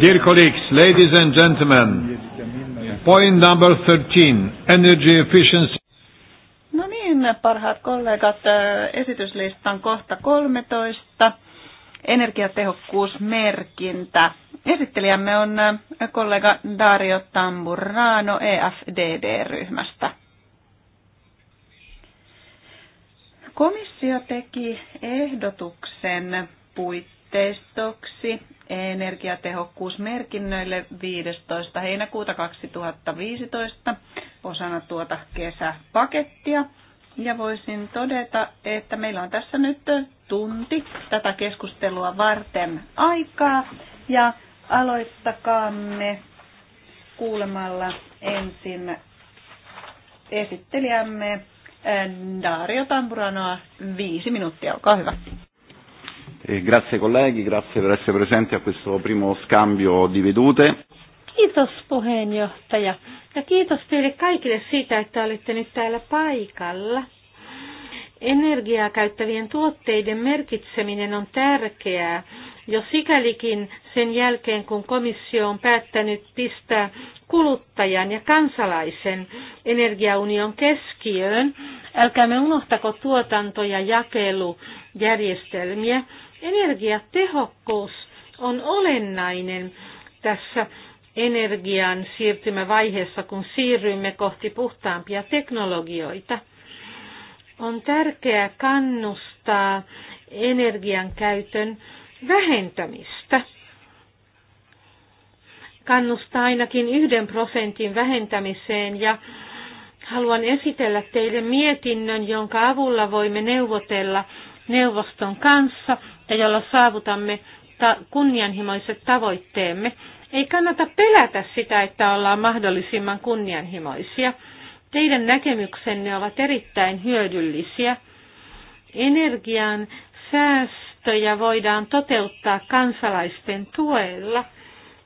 Dear colleagues, ladies and gentlemen, point number 13, energy efficiency. No niin, parhaat kollegat, äh, esityslistan kohta 13, energiatehokkuusmerkintä. Esittelijämme on äh, kollega Dario Tamburano EFDD-ryhmästä. Komissio teki ehdotuksen puitteistoksi energiatehokkuusmerkinnöille 15. heinäkuuta 2015 osana tuota kesäpakettia. Ja voisin todeta, että meillä on tässä nyt tunti tätä keskustelua varten aikaa ja aloittakaamme kuulemalla ensin esittelijämme eh, Dario Tamburanoa. Viisi minuuttia, olkaa hyvä. Eh, grazie colleghi, grazie per essere presenti a questo primo scambio di vedute. Kiitos puheenjohtaja ja kiitos teille kaikille siitä, että olette nyt täällä paikalla. Energiaa käyttävien tuotteiden merkitseminen on tärkeää, jo sikälikin sen jälkeen, kun komissio on päättänyt pistää kuluttajan ja kansalaisen energiaunion keskiöön. Älkäämme unohtako tuotanto- ja jakelujärjestelmiä Energiatehokkuus on olennainen tässä energian siirtymävaiheessa, kun siirrymme kohti puhtaampia teknologioita. On tärkeää kannustaa energian käytön vähentämistä. Kannustaa ainakin yhden prosentin vähentämiseen ja haluan esitellä teille mietinnön, jonka avulla voimme neuvotella neuvoston kanssa ja jolla saavutamme ta- kunnianhimoiset tavoitteemme. Ei kannata pelätä sitä, että ollaan mahdollisimman kunnianhimoisia. Teidän näkemyksenne ovat erittäin hyödyllisiä. Energian säästöjä voidaan toteuttaa kansalaisten tuella.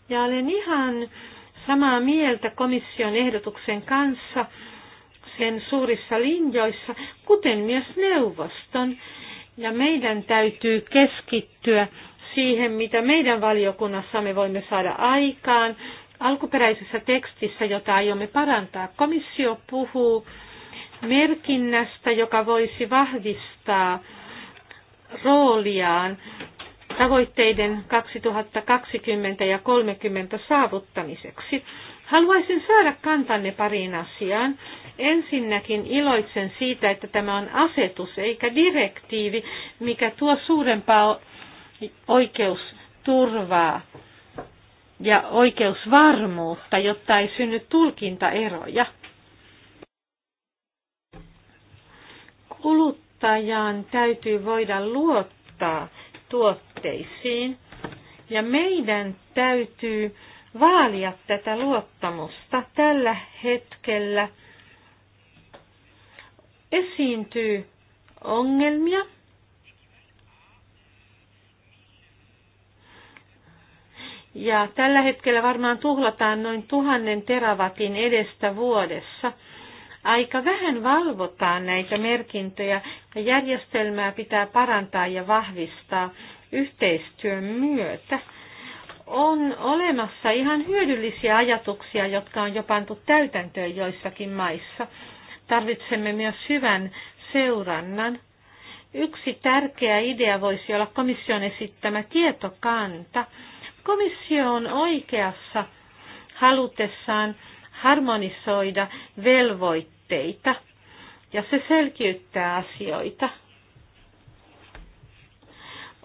Ja olen ihan samaa mieltä komission ehdotuksen kanssa sen suurissa linjoissa, kuten myös neuvoston. Ja meidän täytyy keskittyä siihen, mitä meidän valiokunnassa me voimme saada aikaan. Alkuperäisessä tekstissä, jota aiomme parantaa, komissio puhuu merkinnästä, joka voisi vahvistaa rooliaan tavoitteiden 2020 ja 30 saavuttamiseksi. Haluaisin saada kantanne pariin asiaan. Ensinnäkin iloitsen siitä, että tämä on asetus eikä direktiivi, mikä tuo suurempaa oikeusturvaa ja oikeusvarmuutta, jotta ei synny tulkintaeroja. Kuluttajan täytyy voida luottaa tuotteisiin ja meidän täytyy vaalia tätä luottamusta. Tällä hetkellä esiintyy ongelmia. Ja tällä hetkellä varmaan tuhlataan noin tuhannen teravatin edestä vuodessa. Aika vähän valvotaan näitä merkintöjä ja järjestelmää pitää parantaa ja vahvistaa yhteistyön myötä on olemassa ihan hyödyllisiä ajatuksia, jotka on jo pantu täytäntöön joissakin maissa. Tarvitsemme myös hyvän seurannan. Yksi tärkeä idea voisi olla komission esittämä tietokanta. Komissio on oikeassa halutessaan harmonisoida velvoitteita ja se selkiyttää asioita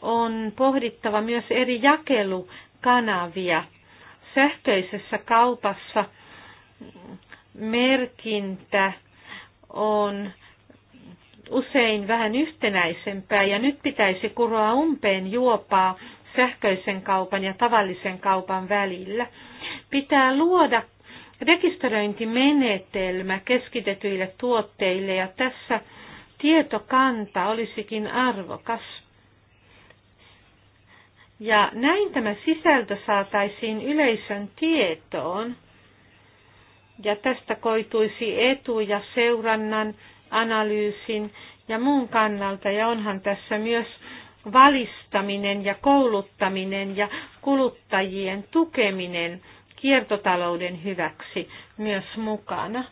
on pohdittava myös eri jakelu- kanavia. Sähköisessä kaupassa merkintä on usein vähän yhtenäisempää ja nyt pitäisi kuroa umpeen juopaa sähköisen kaupan ja tavallisen kaupan välillä. Pitää luoda rekisteröintimenetelmä keskitetyille tuotteille ja tässä tietokanta olisikin arvokas. Ja näin tämä sisältö saataisiin yleisön tietoon. Ja tästä koituisi etuja seurannan, analyysin ja muun kannalta. Ja onhan tässä myös valistaminen ja kouluttaminen ja kuluttajien tukeminen kiertotalouden hyväksi myös mukana.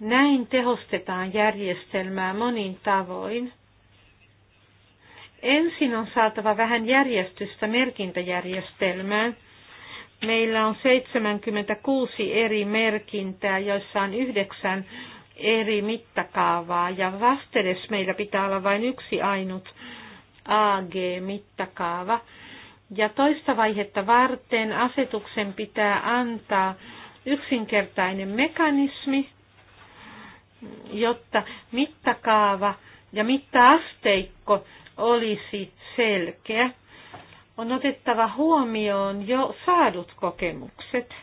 Näin tehostetaan järjestelmää monin tavoin. Ensin on saatava vähän järjestystä merkintäjärjestelmään. Meillä on 76 eri merkintää, joissa on yhdeksän eri mittakaavaa ja vastedes meillä pitää olla vain yksi ainut AG-mittakaava. Ja toista vaihetta varten asetuksen pitää antaa yksinkertainen mekanismi, jotta mittakaava ja mittaasteikko olisi selkeä. On otettava huomioon jo saadut kokemukset.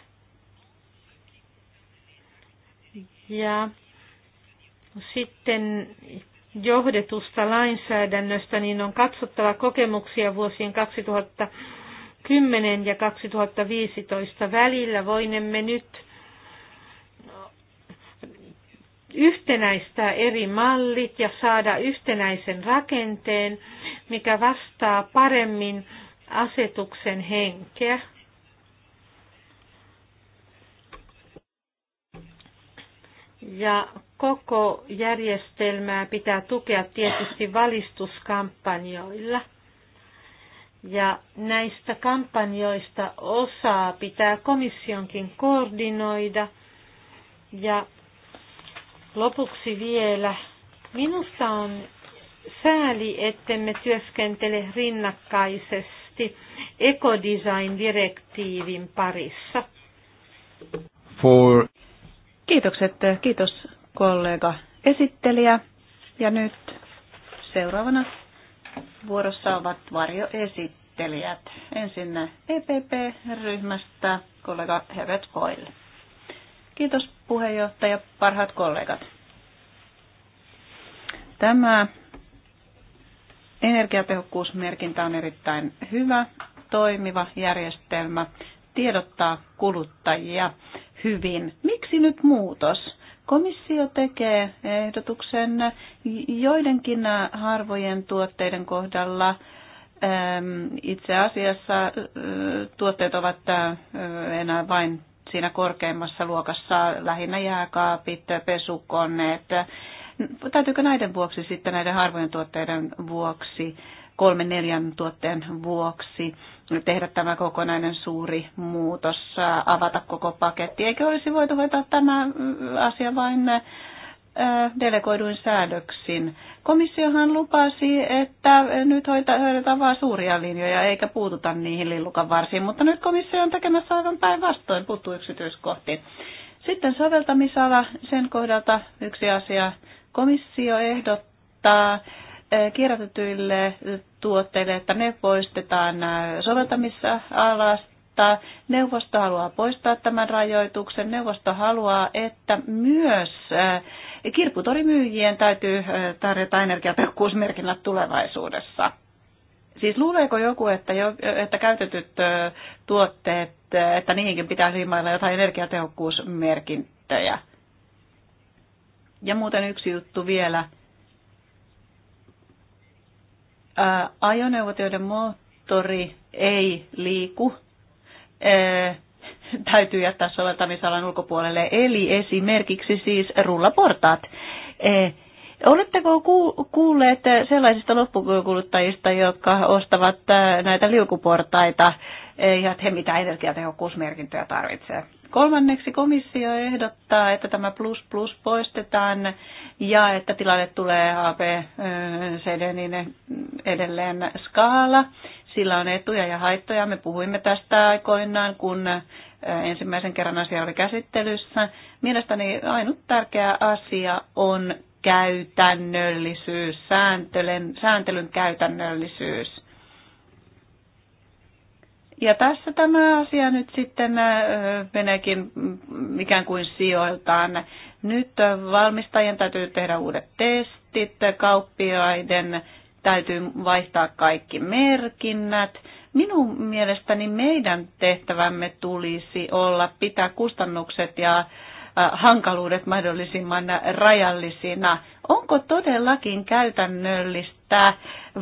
Ja sitten johdetusta lainsäädännöstä, niin on katsottava kokemuksia vuosien 2010 ja 2015 välillä. Voinemme nyt yhtenäistää eri mallit ja saada yhtenäisen rakenteen, mikä vastaa paremmin asetuksen henkeä. Ja koko järjestelmää pitää tukea tietysti valistuskampanjoilla. Ja näistä kampanjoista osaa pitää komissionkin koordinoida ja Lopuksi vielä. Minusta on sääli, ettemme työskentele rinnakkaisesti ekodesign-direktiivin parissa. For... Kiitokset, kiitos kollega esittelijä. Ja nyt seuraavana vuorossa ovat varjoesittelijät. Ensin EPP-ryhmästä kollega Herbert Hoyle. Kiitos puheenjohtaja, parhaat kollegat. Tämä energiatehokkuusmerkintä on erittäin hyvä, toimiva järjestelmä, tiedottaa kuluttajia hyvin. Miksi nyt muutos? Komissio tekee ehdotuksen joidenkin harvojen tuotteiden kohdalla. Ehm, itse asiassa tuotteet ovat enää vain siinä korkeimmassa luokassa, lähinnä jääkaapit, pesukoneet. Täytyykö näiden vuoksi sitten, näiden harvojen tuotteiden vuoksi, kolmen neljän tuotteen vuoksi tehdä tämä kokonainen suuri muutos, avata koko paketti. Eikö olisi voitu hoitaa tämä asia vain delegoiduin säädöksin. Komissiohan lupasi, että nyt hoidetaan vain suuria linjoja eikä puututa niihin lillukan varsiin, mutta nyt komissio on tekemässä aivan päinvastoin, puuttuu yksityiskohtiin. Sitten soveltamisala, sen kohdalta yksi asia. Komissio ehdottaa kierrätetyille tuotteille, että ne poistetaan soveltamisalasta Neuvosto haluaa poistaa tämän rajoituksen. Neuvosto haluaa, että myös kirpputorimyyjien täytyy tarjota energiatehokkuusmerkinnät tulevaisuudessa. Siis luuleeko joku, että, jo, että käytetyt tuotteet, että niihinkin pitää liimailla jotain energiatehokkuusmerkintöjä? Ja muuten yksi juttu vielä. ajoneuvot, joiden moottori ei liiku, täytyy jättää soveltamisalan ulkopuolelle, eli esimerkiksi siis rullaportaat. E, oletteko kuulleet sellaisista loppukuluttajista, jotka ostavat näitä liukuportaita, e, ja he mitä energiatehokkuusmerkintöjä tarvitse? Kolmanneksi komissio ehdottaa, että tämä plus plus poistetaan ja että tilanne tulee ABCD niin edelleen skaala. Sillä on etuja ja haittoja. Me puhuimme tästä aikoinaan, kun ensimmäisen kerran asia oli käsittelyssä. Mielestäni ainut tärkeä asia on käytännöllisyys, sääntelyn, sääntelyn käytännöllisyys. Ja tässä tämä asia nyt sitten äh, meneekin ikään kuin sijoiltaan. Nyt valmistajien täytyy tehdä uudet testit, kauppiaiden täytyy vaihtaa kaikki merkinnät Minun mielestäni meidän tehtävämme tulisi olla pitää kustannukset ja äh, hankaluudet mahdollisimman rajallisina. Onko todellakin käytännöllistä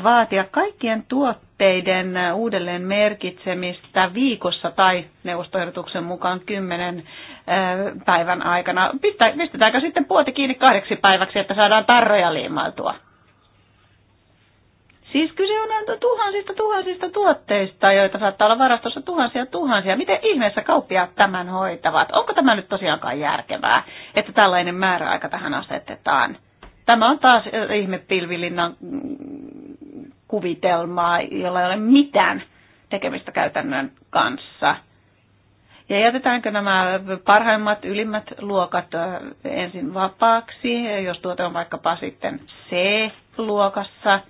vaatia kaikkien tuotteiden uudelleen merkitsemistä viikossa tai neuvostoehdotuksen mukaan kymmenen äh, päivän aikana? Pistetäänkö sitten puoti kiinni kahdeksi päiväksi, että saadaan tarroja liimailtua? Siis kyse on tuhansista tuhansista tuotteista, joita saattaa olla varastossa tuhansia tuhansia. Miten ihmeessä kauppiaat tämän hoitavat? Onko tämä nyt tosiaankaan järkevää, että tällainen määräaika tähän asetetaan? Tämä on taas ihmepilvilinnan mm, kuvitelmaa, jolla ei ole mitään tekemistä käytännön kanssa. Ja jätetäänkö nämä parhaimmat, ylimmät luokat ensin vapaaksi, jos tuote on vaikkapa sitten C-luokassa –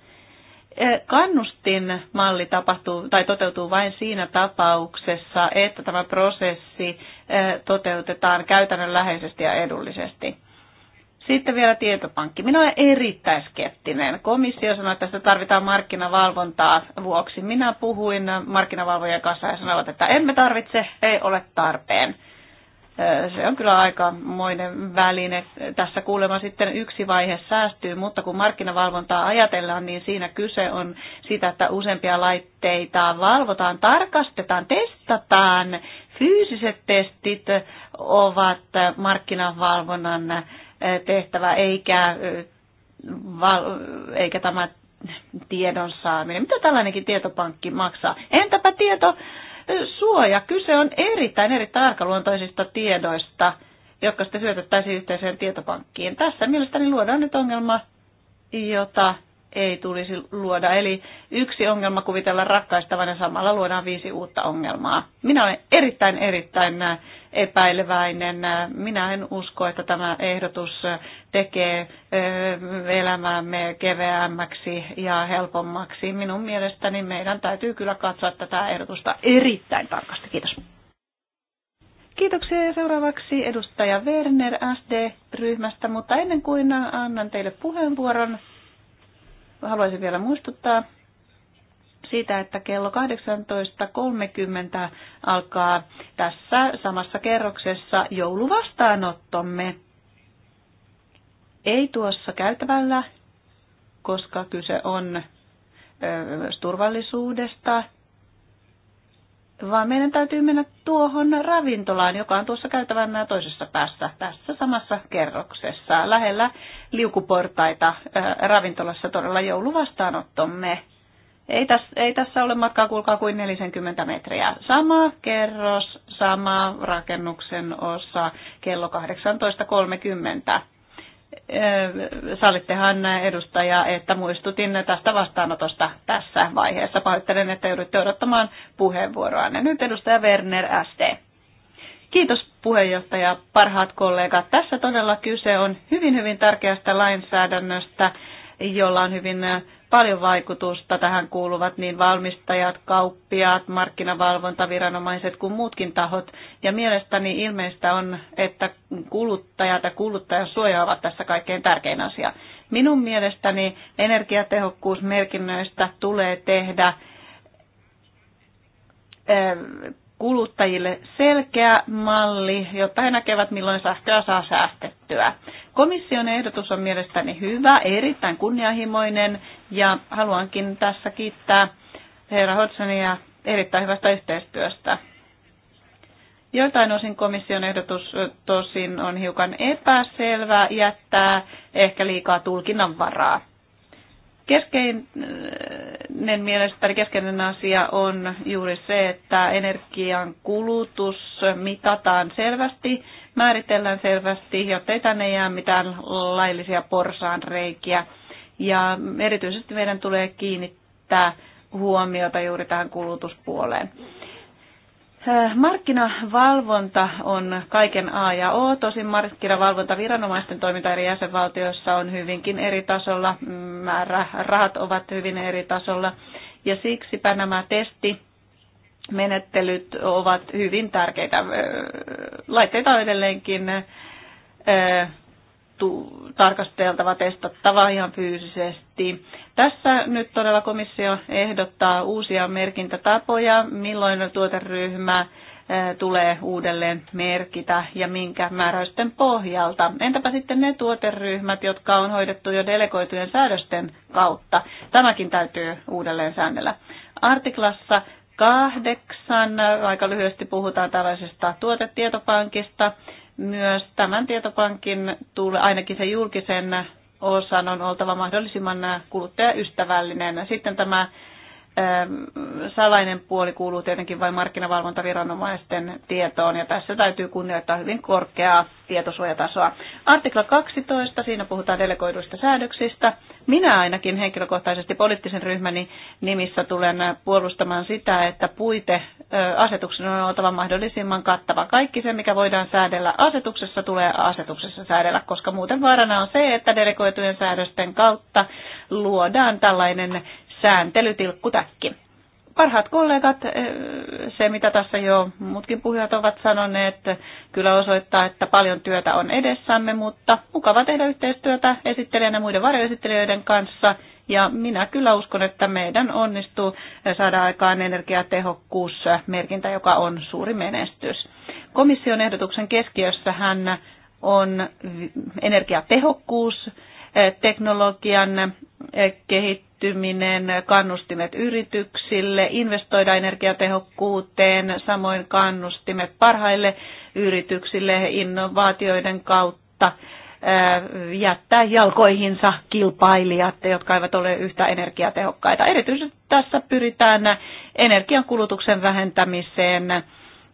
kannustin malli tapahtuu tai toteutuu vain siinä tapauksessa, että tämä prosessi eh, toteutetaan käytännönläheisesti ja edullisesti. Sitten vielä tietopankki. Minä olen erittäin skeptinen. Komissio sanoi, että tästä tarvitaan markkinavalvontaa vuoksi. Minä puhuin markkinavalvojen kanssa ja sanoivat, että emme tarvitse, ei ole tarpeen se on kyllä aikamoinen väline. Tässä kuulemma sitten yksi vaihe säästyy, mutta kun markkinavalvontaa ajatellaan, niin siinä kyse on sitä, että useampia laitteita valvotaan, tarkastetaan, testataan. Fyysiset testit ovat markkinavalvonnan tehtävä, eikä, eikä tämä tiedon saaminen. Mitä tällainenkin tietopankki maksaa? Entäpä tieto suoja. Kyse on erittäin, erittäin tarkaluontoisista tiedoista, jotka sitten syötettäisiin yhteiseen tietopankkiin. Tässä mielestäni luodaan nyt ongelma, jota ei tulisi luoda. Eli yksi ongelma kuvitella rakkaistavan ja samalla luodaan viisi uutta ongelmaa. Minä olen erittäin, erittäin epäileväinen. Minä en usko, että tämä ehdotus tekee elämäämme keveämmäksi ja helpommaksi. Minun mielestäni meidän täytyy kyllä katsoa tätä ehdotusta erittäin tarkasti. Kiitos. Kiitoksia seuraavaksi edustaja Werner SD-ryhmästä, mutta ennen kuin annan teille puheenvuoron, haluaisin vielä muistuttaa siitä, että kello 18.30 alkaa tässä samassa kerroksessa jouluvastaanottomme. Ei tuossa käytävällä, koska kyse on turvallisuudesta, vaan meidän täytyy mennä tuohon ravintolaan, joka on tuossa käytävän toisessa päässä, tässä samassa kerroksessa, lähellä liukuportaita ravintolassa todella jouluvastaanottomme. Ei tässä, ei tässä ole matkaa, kuulkaa, kuin 40 metriä. Sama kerros, sama rakennuksen osa, kello 18.30. Sallittehan edustaja, että muistutin tästä vastaanotosta tässä vaiheessa. Pahoittelen, että joudutte odottamaan puheenvuoroa. Ja nyt edustaja Werner ST. Kiitos puheenjohtaja, parhaat kollegat. Tässä todella kyse on hyvin hyvin tärkeästä lainsäädännöstä, jolla on hyvin paljon vaikutusta. Tähän kuuluvat niin valmistajat, kauppiaat, markkinavalvontaviranomaiset kuin muutkin tahot. Ja mielestäni ilmeistä on, että kuluttajat ja kuluttajasuoja ovat tässä kaikkein tärkein asia. Minun mielestäni energiatehokkuusmerkinnöistä tulee tehdä eh, kuluttajille selkeä malli, jotta he näkevät, milloin sähköä saa säästettyä. Komission ehdotus on mielestäni hyvä, erittäin kunnianhimoinen ja haluankin tässä kiittää herra Hodgsonia erittäin hyvästä yhteistyöstä. Joiltain osin komission ehdotus tosin on hiukan epäselvä, jättää ehkä liikaa tulkinnan varaa. Keskeinen mielestäni keskeinen asia on juuri se, että energian kulutus mitataan selvästi määritellään selvästi, jotta ei tänne jää mitään laillisia porsaanreikiä. Ja erityisesti meidän tulee kiinnittää huomiota juuri tähän kulutuspuoleen. Äh, markkinavalvonta on kaiken A ja O. Tosin markkinavalvonta viranomaisten toiminta eri jäsenvaltioissa on hyvinkin eri tasolla, mm, rahat ovat hyvin eri tasolla. Ja siksipä nämä testi menettelyt ovat hyvin tärkeitä. Laitteita on edelleenkin tarkasteltava, testattava ihan fyysisesti. Tässä nyt todella komissio ehdottaa uusia merkintätapoja, milloin tuoteryhmä tulee uudelleen merkitä ja minkä määräysten pohjalta. Entäpä sitten ne tuoteryhmät, jotka on hoidettu jo delegoitujen säädösten kautta? Tämäkin täytyy uudelleen säännellä. Artiklassa kahdeksan. Aika lyhyesti puhutaan tällaisesta tuotetietopankista. Myös tämän tietopankin, tulee ainakin se julkisen osan, on oltava mahdollisimman kuluttajaystävällinen. Sitten tämä Ähm, salainen puoli kuuluu tietenkin vain markkinavalvontaviranomaisten tietoon, ja tässä täytyy kunnioittaa hyvin korkeaa tietosuojatasoa. Artikla 12, siinä puhutaan delegoiduista säädöksistä. Minä ainakin henkilökohtaisesti poliittisen ryhmäni nimissä tulen puolustamaan sitä, että asetuksen on oltava mahdollisimman kattava. Kaikki se, mikä voidaan säädellä asetuksessa, tulee asetuksessa säädellä, koska muuten vaarana on se, että delegoitujen säädösten kautta luodaan tällainen sääntelytilkkutäkki. Parhaat kollegat, eh, se mitä tässä jo muutkin puhujat ovat sanoneet, kyllä osoittaa, että paljon työtä on edessämme, mutta mukava tehdä yhteistyötä esittelijän ja muiden varjoesittelijöiden kanssa. Ja minä kyllä uskon, että meidän onnistuu saada aikaan energiatehokkuusmerkintä, joka on suuri menestys. Komission ehdotuksen keskiössähän on energiatehokkuus, teknologian kehittyminen, kannustimet yrityksille, investoida energiatehokkuuteen, samoin kannustimet parhaille yrityksille innovaatioiden kautta jättää jalkoihinsa kilpailijat, jotka eivät ole yhtä energiatehokkaita. Erityisesti tässä pyritään energiankulutuksen vähentämiseen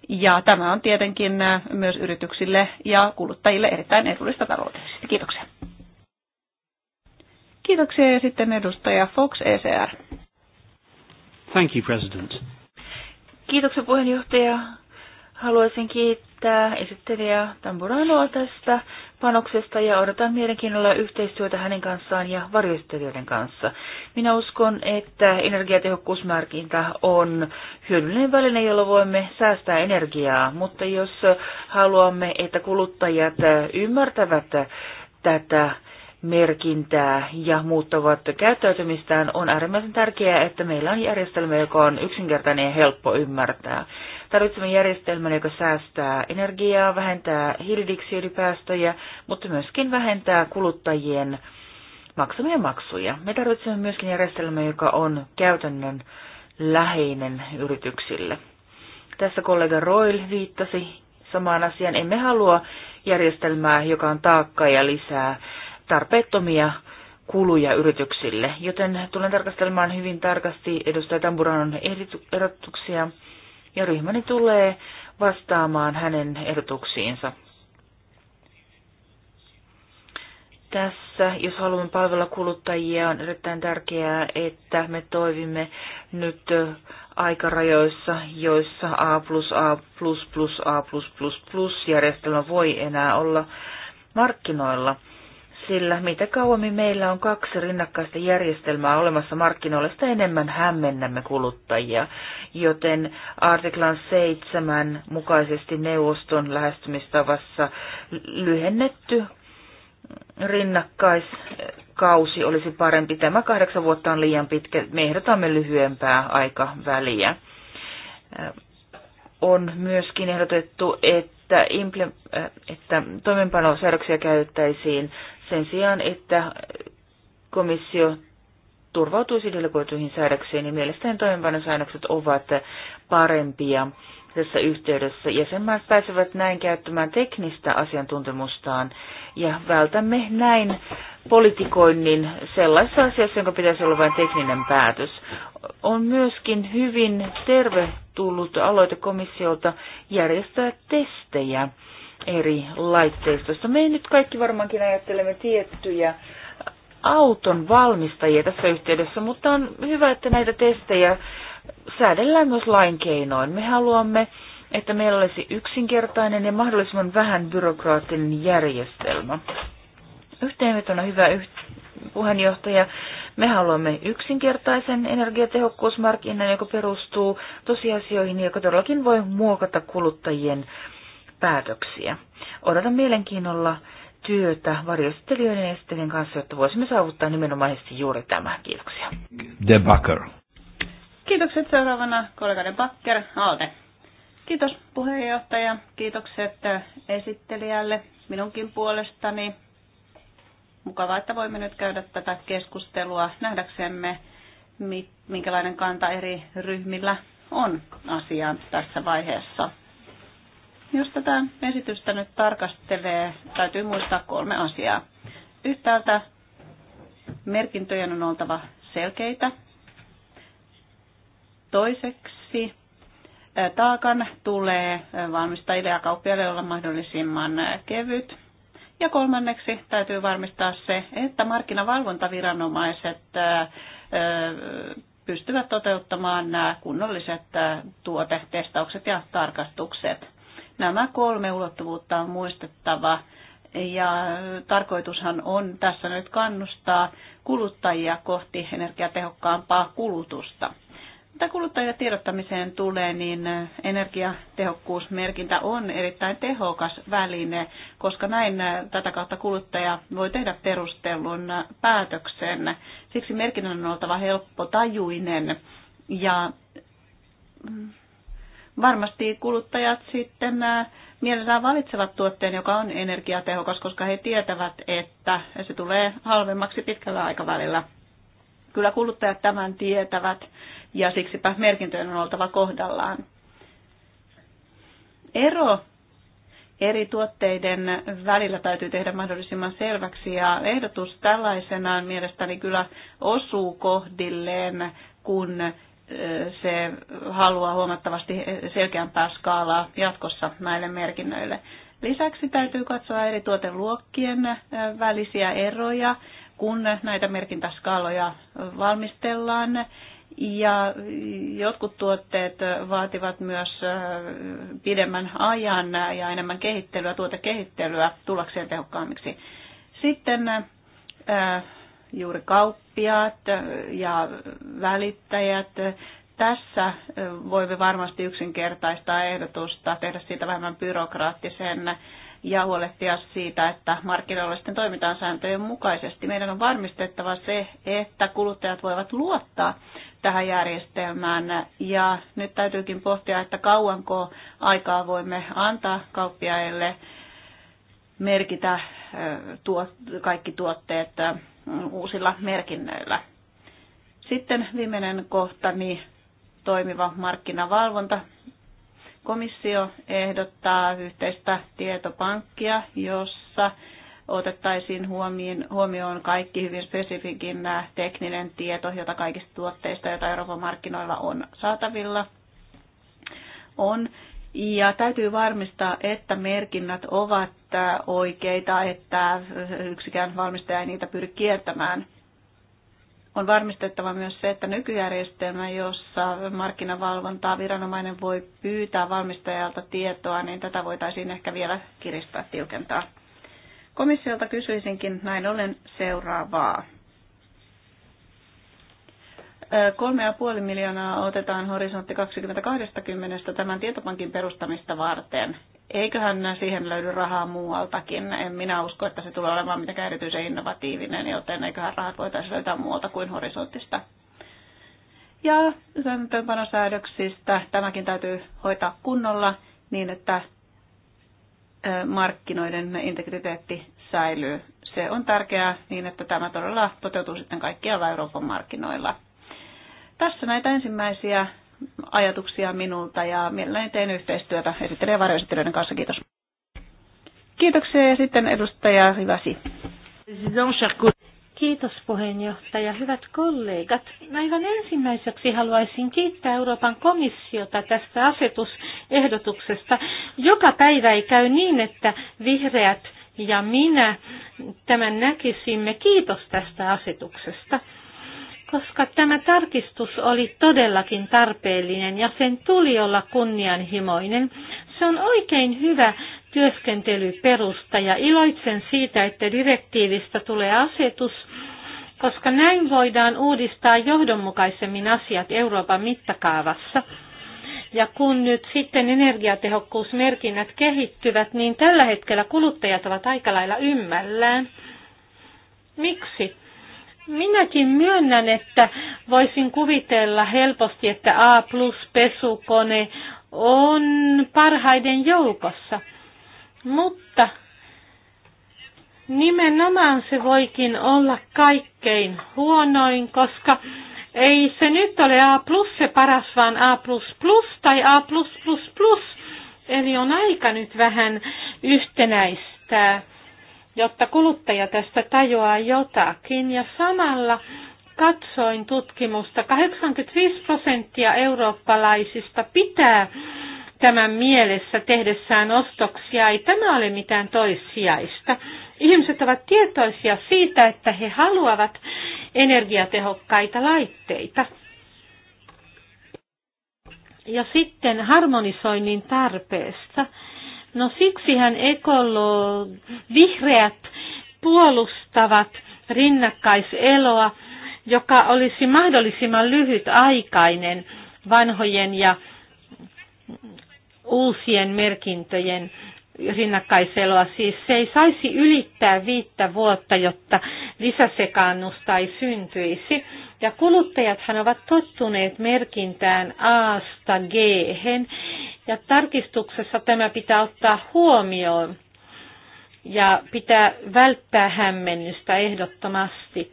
ja tämä on tietenkin myös yrityksille ja kuluttajille erittäin edullista taloudellisesti. Kiitoksia. Kiitoksia ja sitten edustaja Fox ECR. Thank you, President. Kiitoksia puheenjohtaja. Haluaisin kiittää esittelijä Tamburanoa tästä panoksesta ja odotan mielenkiinnolla yhteistyötä hänen kanssaan ja varjoistelijoiden kanssa. Minä uskon, että energiatehokkuusmerkintä on hyödyllinen väline, jolla voimme säästää energiaa, mutta jos haluamme, että kuluttajat ymmärtävät tätä merkintää ja muuttavat käyttäytymistään, on äärimmäisen tärkeää, että meillä on järjestelmä, joka on yksinkertainen ja helppo ymmärtää. Tarvitsemme järjestelmän, joka säästää energiaa, vähentää hiilidioksidipäästöjä, mutta myöskin vähentää kuluttajien maksamia maksuja. Me tarvitsemme myöskin järjestelmän, joka on käytännön läheinen yrityksille. Tässä kollega Roil viittasi samaan asiaan. Emme halua järjestelmää, joka on taakka ja lisää tarpeettomia kuluja yrityksille, joten tulen tarkastelemaan hyvin tarkasti edustaja Tamburanon ehdotuksia ja ryhmäni tulee vastaamaan hänen ehdotuksiinsa. Tässä, jos haluamme palvella kuluttajia, on erittäin tärkeää, että me toivimme nyt aikarajoissa, joissa A plus A plus plus A plus plus plus järjestelmä voi enää olla markkinoilla – sillä mitä kauemmin meillä on kaksi rinnakkaista järjestelmää olemassa markkinoilla, sitä enemmän hämmennämme kuluttajia, joten artiklan 7 mukaisesti neuvoston lähestymistavassa lyhennetty rinnakkaiskausi olisi parempi. Tämä kahdeksan vuotta on liian pitkä. Me ehdotamme lyhyempää aikaväliä. On myöskin ehdotettu, että, imple- että toimenpanosäädöksiä käyttäisiin sen sijaan, että komissio turvautuisi delegoituihin säädöksiin, niin mielestäni toimeenpanosäännökset ovat parempia tässä yhteydessä. Jäsenmaat pääsevät näin käyttämään teknistä asiantuntemustaan ja vältämme näin politikoinnin sellaisessa asiassa, jonka pitäisi olla vain tekninen päätös. On myöskin hyvin tervetullut aloite komissiolta järjestää testejä eri laitteistosta. Me nyt kaikki varmaankin ajattelemme tiettyjä auton valmistajia tässä yhteydessä, mutta on hyvä, että näitä testejä säädellään myös lain keinoin. Me haluamme, että meillä olisi yksinkertainen ja mahdollisimman vähän byrokraattinen järjestelmä. Yhteenvetona hyvä yh- puheenjohtaja, me haluamme yksinkertaisen energiatehokkuusmarkkinan, joka perustuu tosiasioihin, joka todellakin voi muokata kuluttajien päätöksiä. Odotan mielenkiinnolla työtä varjostelijoiden ja esittelijän kanssa, jotta voisimme saavuttaa nimenomaisesti juuri tämä. Kiitoksia. De Bakker. Kiitokset seuraavana kollega De Bakker. Alte. Kiitos puheenjohtaja, kiitokset äh, esittelijälle minunkin puolestani. Mukavaa, että voimme nyt käydä tätä keskustelua nähdäksemme, minkälainen kanta eri ryhmillä on asiaan tässä vaiheessa. Jos tätä esitystä nyt tarkastelee, täytyy muistaa kolme asiaa. Yhtäältä merkintöjen on oltava selkeitä. Toiseksi taakan tulee valmistajille ja kauppiaille olla mahdollisimman kevyt. Ja kolmanneksi täytyy varmistaa se, että markkinavalvontaviranomaiset pystyvät toteuttamaan nämä kunnolliset tuotetestaukset ja tarkastukset. Nämä kolme ulottuvuutta on muistettava. Ja tarkoitushan on tässä nyt kannustaa kuluttajia kohti energiatehokkaampaa kulutusta. Mitä kuluttajien tiedottamiseen tulee, niin energiatehokkuusmerkintä on erittäin tehokas väline, koska näin tätä kautta kuluttaja voi tehdä perustellun päätöksen. Siksi merkinnän on oltava tajuinen ja varmasti kuluttajat sitten mielellään valitsevat tuotteen, joka on energiatehokas, koska he tietävät, että se tulee halvemmaksi pitkällä aikavälillä. Kyllä kuluttajat tämän tietävät ja siksipä merkintöjen on oltava kohdallaan. Ero eri tuotteiden välillä täytyy tehdä mahdollisimman selväksi ja ehdotus tällaisenaan mielestäni kyllä osuu kohdilleen, kun se haluaa huomattavasti selkeämpää skaalaa jatkossa näille merkinnöille. Lisäksi täytyy katsoa eri tuoteluokkien välisiä eroja, kun näitä merkintäskaaloja valmistellaan. Ja jotkut tuotteet vaativat myös pidemmän ajan ja enemmän kehittelyä, tuotekehittelyä tullakseen tehokkaammiksi. Sitten juuri kauppiaat ja välittäjät. Tässä voimme varmasti yksinkertaistaa ehdotusta, tehdä siitä vähemmän byrokraattisen ja huolehtia siitä, että markkinoilla sitten toimitaan sääntöjen mukaisesti. Meidän on varmistettava se, että kuluttajat voivat luottaa tähän järjestelmään. Ja nyt täytyykin pohtia, että kauanko aikaa voimme antaa kauppiaille merkitä eh, tuot, kaikki tuotteet eh, uusilla merkinnöillä. Sitten viimeinen kohta, niin toimiva markkinavalvonta. Komissio ehdottaa yhteistä tietopankkia, jossa otettaisiin huomioon kaikki hyvin spesifikin äh, tekninen tieto, jota kaikista tuotteista, joita Euroopan markkinoilla on saatavilla, on. Ja täytyy varmistaa, että merkinnät ovat äh, oikeita, että äh, yksikään valmistaja ei niitä pyri kiertämään. On varmistettava myös se, että nykyjärjestelmä, jossa markkinavalvontaa viranomainen voi pyytää valmistajalta tietoa, niin tätä voitaisiin ehkä vielä kiristää tiukentaa. Komissiolta kysyisinkin näin ollen seuraavaa. 3,5 miljoonaa otetaan horisontti 2020 tämän tietopankin perustamista varten. Eiköhän siihen löydy rahaa muualtakin. En minä usko, että se tulee olemaan mitenkään erityisen innovatiivinen, joten eiköhän rahat voitaisiin löytää muualta kuin horisontista. Ja täytäntöönpanosäädöksistä tämäkin täytyy hoitaa kunnolla niin, että markkinoiden integriteetti säilyy. Se on tärkeää niin, että tämä todella toteutuu sitten kaikkialla Euroopan markkinoilla. Tässä näitä ensimmäisiä ajatuksia minulta ja mielelläni teen yhteistyötä esittelijä varjoesittelijöiden kanssa. Kiitos. Kiitoksia ja sitten edustaja Hyväsi. Kiitos puheenjohtaja. Hyvät kollegat, aivan ensimmäiseksi haluaisin kiittää Euroopan komissiota tästä asetusehdotuksesta. Joka päivä ei käy niin, että vihreät ja minä tämän näkisimme. Kiitos tästä asetuksesta koska tämä tarkistus oli todellakin tarpeellinen ja sen tuli olla kunnianhimoinen. Se on oikein hyvä työskentelyperusta ja iloitsen siitä, että direktiivistä tulee asetus, koska näin voidaan uudistaa johdonmukaisemmin asiat Euroopan mittakaavassa. Ja kun nyt sitten energiatehokkuusmerkinnät kehittyvät, niin tällä hetkellä kuluttajat ovat aika lailla ymmällään. Miksi? Minäkin myönnän, että voisin kuvitella helposti, että A plus pesukone on parhaiden joukossa. Mutta nimenomaan se voikin olla kaikkein huonoin, koska ei se nyt ole A plus se paras, vaan A plus plus tai A plus plus plus. Eli on aika nyt vähän yhtenäistää jotta kuluttaja tästä tajuaa jotakin. Ja samalla katsoin tutkimusta, 85 prosenttia eurooppalaisista pitää tämän mielessä tehdessään ostoksia. Ei tämä ole mitään toissijaista. Ihmiset ovat tietoisia siitä, että he haluavat energiatehokkaita laitteita. Ja sitten harmonisoinnin tarpeesta. No siksihän ekolo, vihreät puolustavat rinnakkaiseloa, joka olisi mahdollisimman lyhytaikainen vanhojen ja uusien merkintöjen rinnakkaiseloa. Siis se ei saisi ylittää viittä vuotta, jotta lisäsekannus tai syntyisi. Ja kuluttajathan ovat tottuneet merkintään A-sta g ja tarkistuksessa tämä pitää ottaa huomioon ja pitää välttää hämmennystä ehdottomasti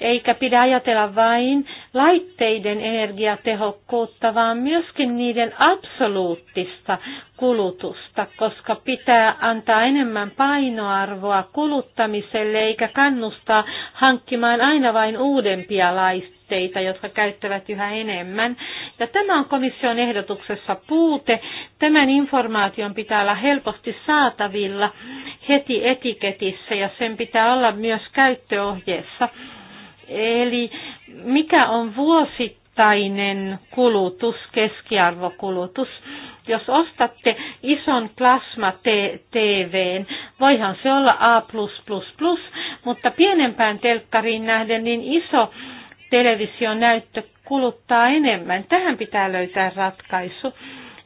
eikä pidä ajatella vain laitteiden energiatehokkuutta, vaan myöskin niiden absoluuttista kulutusta, koska pitää antaa enemmän painoarvoa kuluttamiselle eikä kannustaa hankkimaan aina vain uudempia laitteita, jotka käyttävät yhä enemmän. Ja tämä on komission ehdotuksessa puute. Tämän informaation pitää olla helposti saatavilla heti etiketissä ja sen pitää olla myös käyttöohjeessa. Eli mikä on vuosittainen kulutus, keskiarvokulutus? Jos ostatte ison plasma TVn, voihan se olla A+++, mutta pienempään telkkariin nähden niin iso televisionäyttö kuluttaa enemmän. Tähän pitää löytää ratkaisu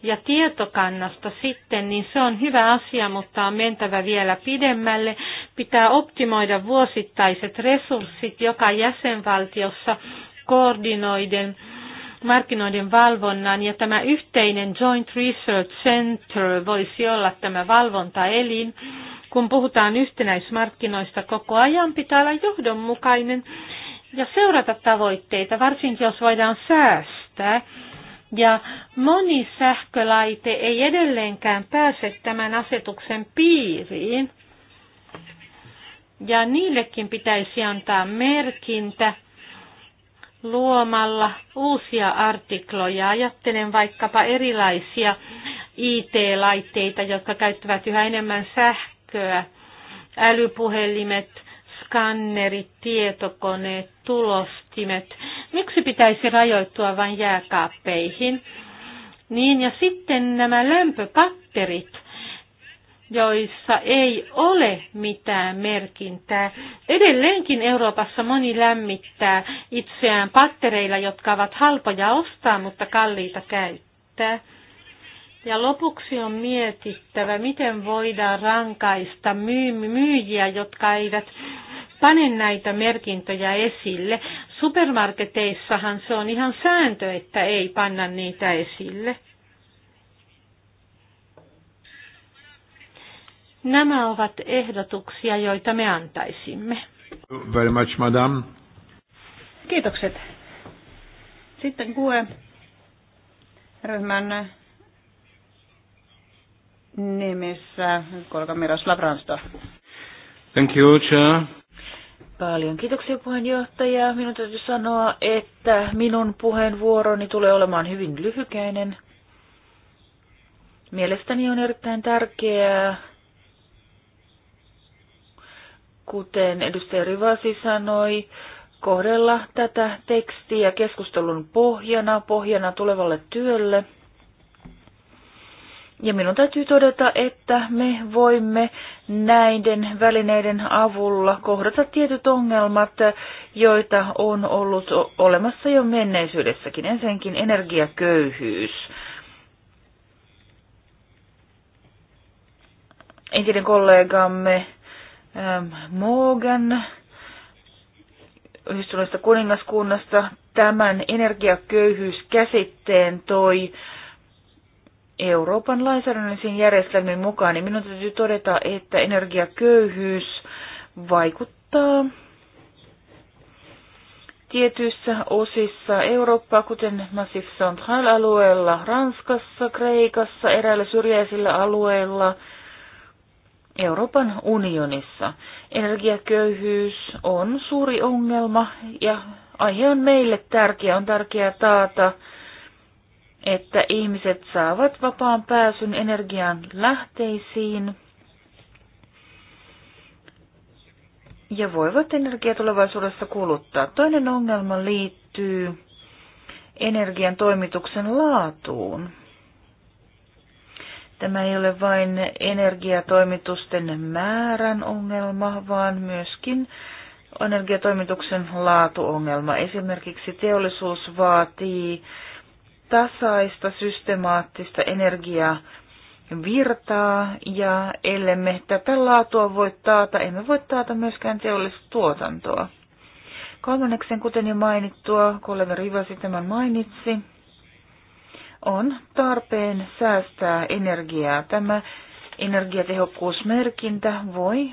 ja tietokannasta sitten, niin se on hyvä asia, mutta on mentävä vielä pidemmälle. Pitää optimoida vuosittaiset resurssit joka jäsenvaltiossa koordinoiden markkinoiden valvonnan ja tämä yhteinen Joint Research Center voisi olla tämä valvontaelin. Kun puhutaan yhtenäismarkkinoista koko ajan, pitää olla johdonmukainen ja seurata tavoitteita, varsinkin jos voidaan säästää ja moni sähkölaite ei edelleenkään pääse tämän asetuksen piiriin. Ja niillekin pitäisi antaa merkintä luomalla uusia artikloja. Ajattelen vaikkapa erilaisia IT-laitteita, jotka käyttävät yhä enemmän sähköä, älypuhelimet, skannerit, tietokoneet, tulostimet. Miksi pitäisi rajoittua vain jääkaappeihin? Niin, ja sitten nämä lämpöpatterit, joissa ei ole mitään merkintää. Edelleenkin Euroopassa moni lämmittää itseään pattereilla, jotka ovat halpoja ostaa, mutta kalliita käyttää. Ja lopuksi on mietittävä, miten voidaan rankaista myyjiä, jotka eivät pane näitä merkintöjä esille. Supermarketeissahan se on ihan sääntö, että ei panna niitä esille. Nämä ovat ehdotuksia, joita me antaisimme. Very much, madam. Kiitokset. Sitten kuue ryhmän Nimessä kollega Miroslav Ransto. Thank you, Chair. Paljon kiitoksia puheenjohtaja. Minun täytyy sanoa, että minun puheenvuoroni tulee olemaan hyvin lyhykäinen. Mielestäni on erittäin tärkeää, kuten edustaja Rivasi sanoi, kohdella tätä tekstiä keskustelun pohjana, pohjana tulevalle työlle – ja minun täytyy todeta, että me voimme näiden välineiden avulla kohdata tietyt ongelmat, joita on ollut olemassa jo menneisyydessäkin. Ensinnäkin energiaköyhyys. Entinen kollegamme ähm, Morgan yhdistyneestä kuningaskunnasta tämän energiaköyhyyskäsitteen toi äh, Euroopan lainsäädännöllisiin järjestelmiin mukaan, niin minun täytyy todeta, että energiaköyhyys vaikuttaa tietyissä osissa Eurooppaa, kuten Massif Central-alueella, Ranskassa, Kreikassa, eräillä syrjäisillä alueilla, Euroopan unionissa. Energiaköyhyys on suuri ongelma ja aihe on meille tärkeä. On tärkeää taata että ihmiset saavat vapaan pääsyn energian lähteisiin ja voivat energiaa tulevaisuudessa kuluttaa. Toinen ongelma liittyy energian toimituksen laatuun. Tämä ei ole vain energiatoimitusten määrän ongelma, vaan myöskin energiatoimituksen laatuongelma. Esimerkiksi teollisuus vaatii tasaista systemaattista energiaa virtaa ja ellemme tätä laatua voi taata, emme voi taata myöskään teollista tuotantoa. Kolmanneksen, kuten jo mainittua, kollega Rivasi tämän mainitsi, on tarpeen säästää energiaa. Tämä energiatehokkuusmerkintä voi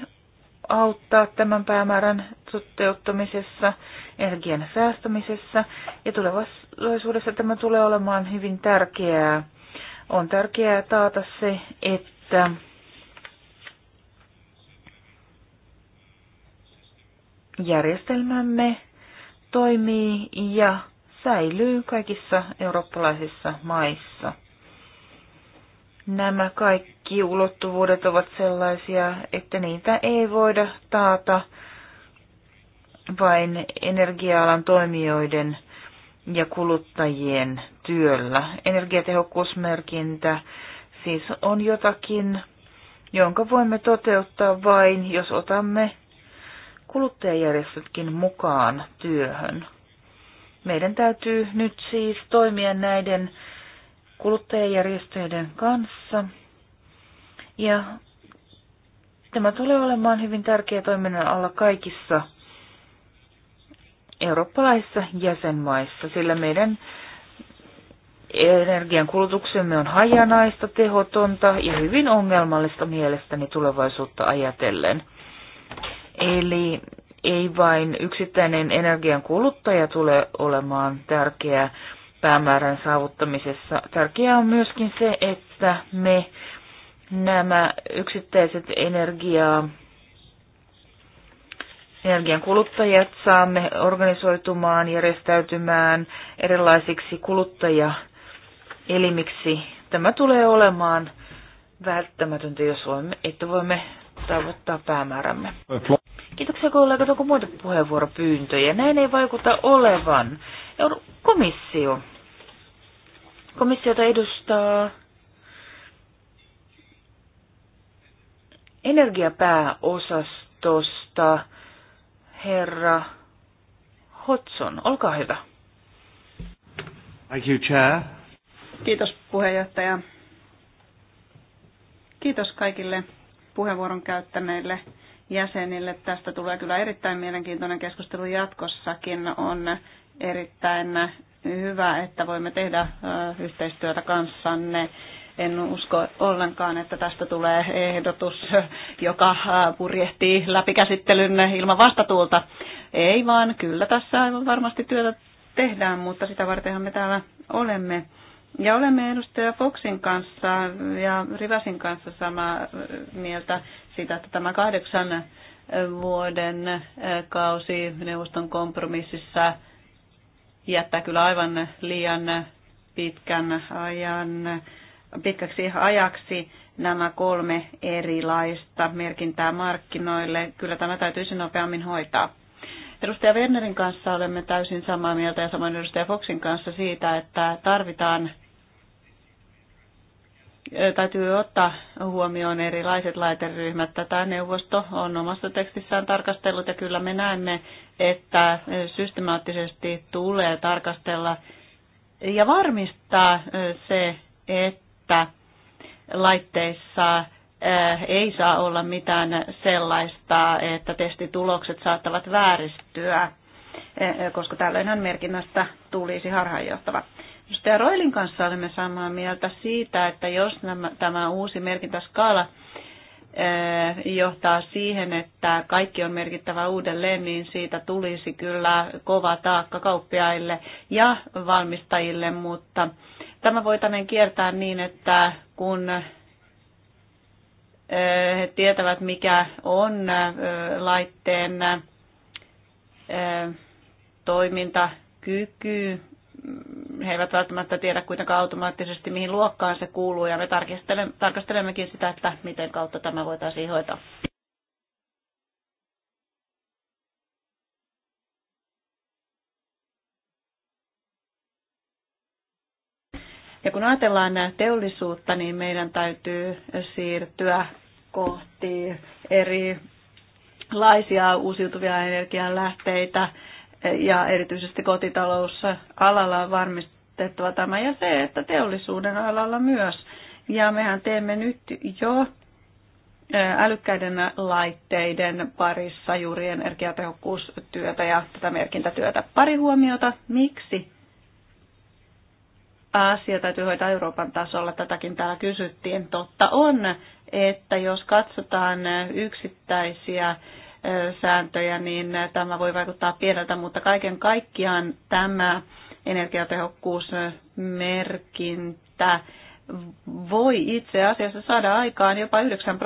auttaa tämän päämäärän toteuttamisessa, energian säästämisessä ja tulevaisuudessa tämä tulee olemaan hyvin tärkeää. On tärkeää taata se, että järjestelmämme toimii ja säilyy kaikissa eurooppalaisissa maissa nämä kaikki ulottuvuudet ovat sellaisia, että niitä ei voida taata vain energia-alan toimijoiden ja kuluttajien työllä. Energiatehokkuusmerkintä siis on jotakin, jonka voimme toteuttaa vain, jos otamme kuluttajajärjestötkin mukaan työhön. Meidän täytyy nyt siis toimia näiden kuluttajajärjestöiden kanssa. Ja tämä tulee olemaan hyvin tärkeä toiminnan alla kaikissa eurooppalaisissa jäsenmaissa, sillä meidän energian kulutuksemme on hajanaista, tehotonta ja hyvin ongelmallista mielestäni tulevaisuutta ajatellen. Eli ei vain yksittäinen energian kuluttaja tule olemaan tärkeä päämäärän saavuttamisessa. Tärkeää on myöskin se, että me nämä yksittäiset energiaa, energian kuluttajat saamme organisoitumaan, järjestäytymään erilaisiksi kuluttajaelimiksi. Tämä tulee olemaan välttämätöntä, jos voimme, että voimme tavoittaa päämäärämme. Kiitoksia kollegat, onko muita puheenvuoropyyntöjä? Näin ei vaikuta olevan. Euro- komissio. Komissiota edustaa energiapääosastosta herra Hotson. Olkaa hyvä. Thank you, Chair. Kiitos puheenjohtaja. Kiitos kaikille puheenvuoron käyttäneille jäsenille. Tästä tulee kyllä erittäin mielenkiintoinen keskustelu jatkossakin. On erittäin hyvä, että voimme tehdä yhteistyötä kanssanne. En usko ollenkaan, että tästä tulee ehdotus, joka purjehtii läpikäsittelyn ilman vastatuulta. Ei vaan, kyllä tässä aivan varmasti työtä tehdään, mutta sitä vartenhan me täällä olemme. Ja olemme edustaja Foxin kanssa ja Rivasin kanssa samaa mieltä sitä, että tämä kahdeksan vuoden kausi neuvoston kompromississa jättää kyllä aivan liian pitkän ajan, pitkäksi ajaksi nämä kolme erilaista merkintää markkinoille. Kyllä tämä täytyisi nopeammin hoitaa. Edustaja Wernerin kanssa olemme täysin samaa mieltä ja samoin edustaja Foxin kanssa siitä, että tarvitaan täytyy ottaa huomioon erilaiset laiteryhmät. Tätä neuvosto on omassa tekstissään tarkastellut ja kyllä me näemme, että systemaattisesti tulee tarkastella ja varmistaa se, että laitteissa ei saa olla mitään sellaista, että testitulokset saattavat vääristyä, koska tällöinhän merkinnästä tulisi harhaanjohtava. Edustaja Roilin kanssa olemme samaa mieltä siitä, että jos nämä, tämä uusi merkintäskaala eh, johtaa siihen, että kaikki on merkittävä uudelleen, niin siitä tulisi kyllä kova taakka kauppiaille ja valmistajille, mutta tämä voitaneen kiertää niin, että kun eh, he tietävät, mikä on eh, laitteen toimintakyky, he eivät välttämättä tiedä kuitenkaan automaattisesti, mihin luokkaan se kuuluu, ja me tarkastelemmekin sitä, että miten kautta tämä voitaisiin hoitaa. Ja kun ajatellaan teollisuutta, niin meidän täytyy siirtyä kohti erilaisia uusiutuvia energianlähteitä, lähteitä ja erityisesti kotitalousalalla on varmistettava tämä ja se, että teollisuuden alalla myös. Ja mehän teemme nyt jo eh, älykkäiden laitteiden parissa juuri energiatehokkuustyötä ja tätä merkintätyötä. Pari huomiota, miksi asia täytyy hoitaa Euroopan tasolla, tätäkin täällä kysyttiin. Totta on, että jos katsotaan yksittäisiä sääntöjä, niin tämä voi vaikuttaa pieneltä, mutta kaiken kaikkiaan tämä energiatehokkuusmerkintä voi itse asiassa saada aikaan jopa 9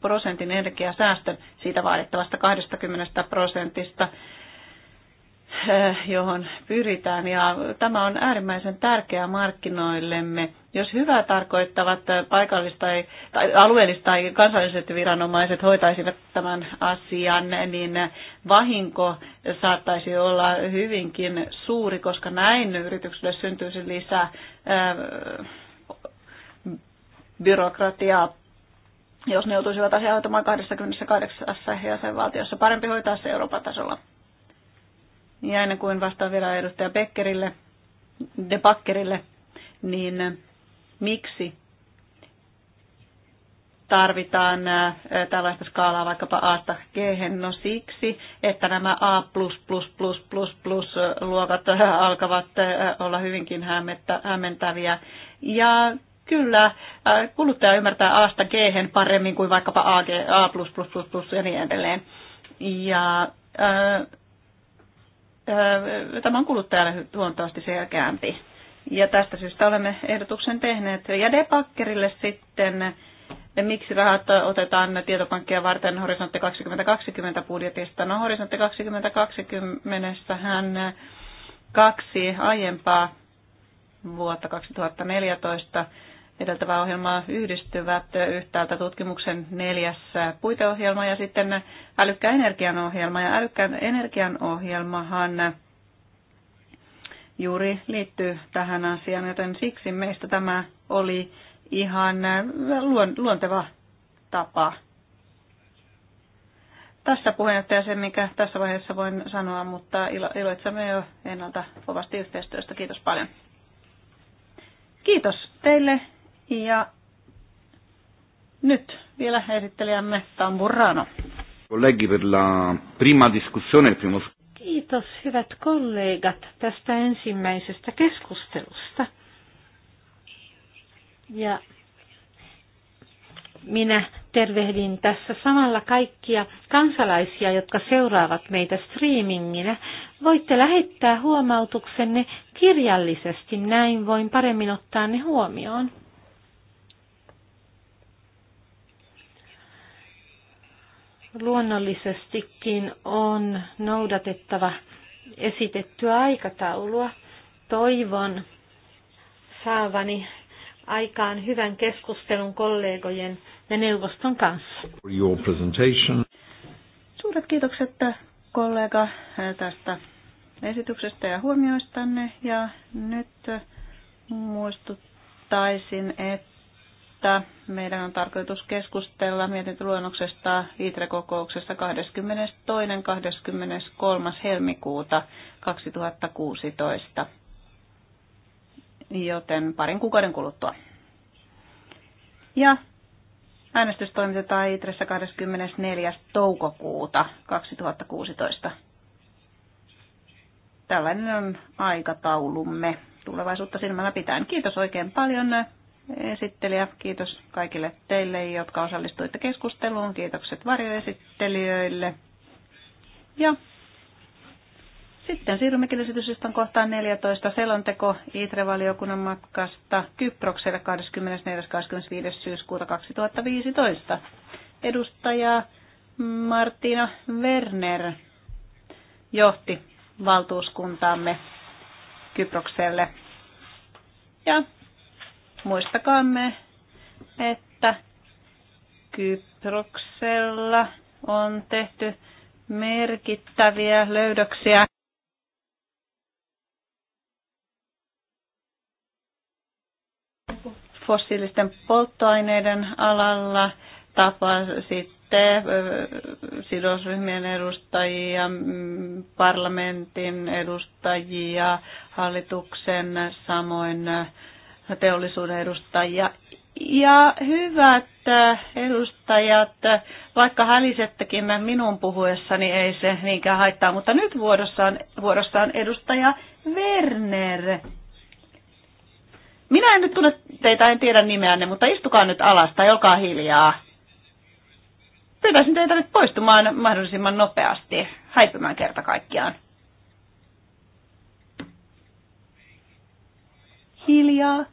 prosentin energiasäästön siitä vaadittavasta 20 prosentista. Eh, johon pyritään. Ja tämä on äärimmäisen tärkeää markkinoillemme. Jos hyvää tarkoittavat eh, paikallis- tai, tai alueelliset tai kansalliset viranomaiset hoitaisivat tämän asian, niin vahinko saattaisi olla hyvinkin suuri, koska näin yritykselle syntyisi lisää eh, byrokratiaa jos ne joutuisivat asiaa hoitamaan 28 jäsenvaltiossa. Parempi hoitaa se Euroopan tasolla. Ja ennen kuin vastaan vielä edustaja Beckerille, De Bakkerille, niin äh, miksi tarvitaan äh, tällaista skaalaa vaikkapa A-sta g No siksi, että nämä A+++++ äh, luokat alkavat olla hyvinkin hämmentäviä. Ja kyllä, kuluttaja ymmärtää A-sta g paremmin kuin vaikkapa A++++ ja niin edelleen. Ja äh, tämä on kuluttajalle huomattavasti selkeämpi. Ja tästä syystä olemme ehdotuksen tehneet. Ja debakkerille sitten, miksi rahat otetaan tietopankkia varten Horisontti 2020 budjetista? No Horisontti 2020 hän kaksi aiempaa vuotta 2014 edeltävää ohjelmaa yhdistyvät yhtäältä tutkimuksen neljäs puiteohjelma ja sitten älykkään energian ohjelma. Ja älykkään energian ohjelmahan juuri liittyy tähän asiaan, joten siksi meistä tämä oli ihan luonteva tapa. Tässä puheenjohtaja se, mikä tässä vaiheessa voin sanoa, mutta iloitsemme jo ennalta kovasti yhteistyöstä. Kiitos paljon. Kiitos teille ja nyt vielä esittelijämme Tamburano. Kollegi per la prima discussione, il primo... Kiitos hyvät kollegat tästä ensimmäisestä keskustelusta. Ja minä tervehdin tässä samalla kaikkia kansalaisia, jotka seuraavat meitä streaminginä. Voitte lähettää huomautuksenne kirjallisesti, näin voin paremmin ottaa ne huomioon. luonnollisestikin on noudatettava esitettyä aikataulua. Toivon saavani aikaan hyvän keskustelun kollegojen ja neuvoston kanssa. Your Suuret kiitokset kollega tästä esityksestä ja huomioistanne. Ja nyt muistuttaisin, että että meidän on tarkoitus keskustella mietintöluonnoksesta itre kokouksesta 22.–23. helmikuuta 2016, joten parin kuukauden kuluttua. Ja äänestys toimitetaan ITREssä 24. toukokuuta 2016. Tällainen on aikataulumme tulevaisuutta silmällä pitäen. Kiitos oikein paljon esittelijä. Kiitos kaikille teille, jotka osallistuitte keskusteluun. Kiitokset varjoesittelijöille. Ja sitten siirrymme esityslistan kohtaan 14. Selonteko ITRE-valiokunnan matkasta Kyprokselle 24.25. syyskuuta 2015. Edustaja Martina Werner johti valtuuskuntaamme Kyprokselle. Ja Muistakaamme, että Kyproksella on tehty merkittäviä löydöksiä. fossiilisten polttoaineiden alalla sitten sidosryhmien edustajia, parlamentin edustajia, hallituksen samoin teollisuuden edustajia. Ja hyvät edustajat, vaikka hälisettekin minun puhuessani ei se niinkään haittaa, mutta nyt vuorossa on, vuorossa on edustaja Werner. Minä en nyt tunne teitä, en tiedä nimeänne, mutta istukaa nyt alas tai olkaa hiljaa. Pyytäisin teitä nyt poistumaan mahdollisimman nopeasti, häipymään kerta kaikkiaan. Hiljaa.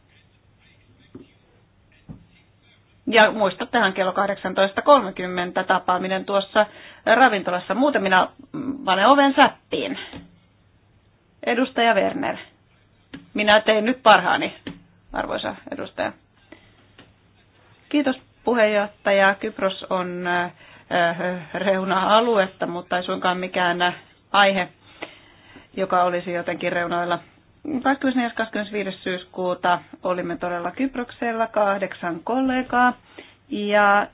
Ja muista tähän kello 18.30 tapaaminen tuossa ravintolassa. Muuten minä panen oven säppiin. Edustaja Werner, minä tein nyt parhaani, arvoisa edustaja. Kiitos puheenjohtaja. Kypros on äh, reuna-aluetta, mutta ei suinkaan mikään aihe, joka olisi jotenkin reunoilla 24.25. syyskuuta olimme todella Kyproksella kahdeksan kollegaa ja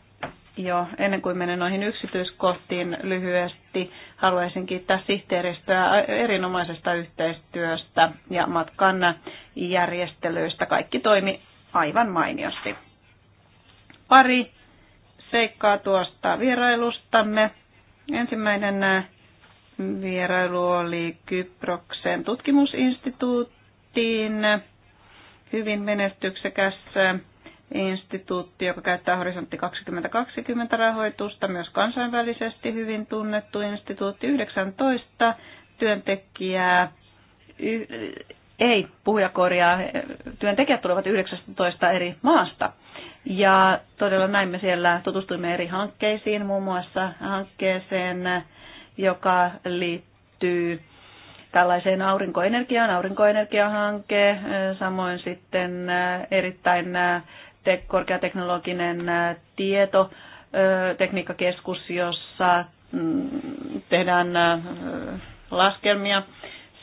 jo ennen kuin menen noihin yksityiskohtiin lyhyesti, haluaisin kiittää sihteeristöä erinomaisesta yhteistyöstä ja matkan järjestelyistä. Kaikki toimi aivan mainiosti. Pari seikkaa tuosta vierailustamme. Ensimmäinen Vierailu oli Kyproksen tutkimusinstituuttiin. Hyvin menestyksekäs instituutti, joka käyttää Horisontti 2020 rahoitusta, myös kansainvälisesti hyvin tunnettu instituutti, 19 työntekijää, y- ei korjaa, työntekijät tulevat 19 eri maasta. Ja todella näin me siellä tutustuimme eri hankkeisiin, muun muassa hankkeeseen joka liittyy tällaiseen aurinkoenergiaan, aurinkoenergiahanke, äh, samoin sitten äh, erittäin äh, te- korkeateknologinen tieto, tekniikkakeskus, jossa mm, tehdään laskelmia.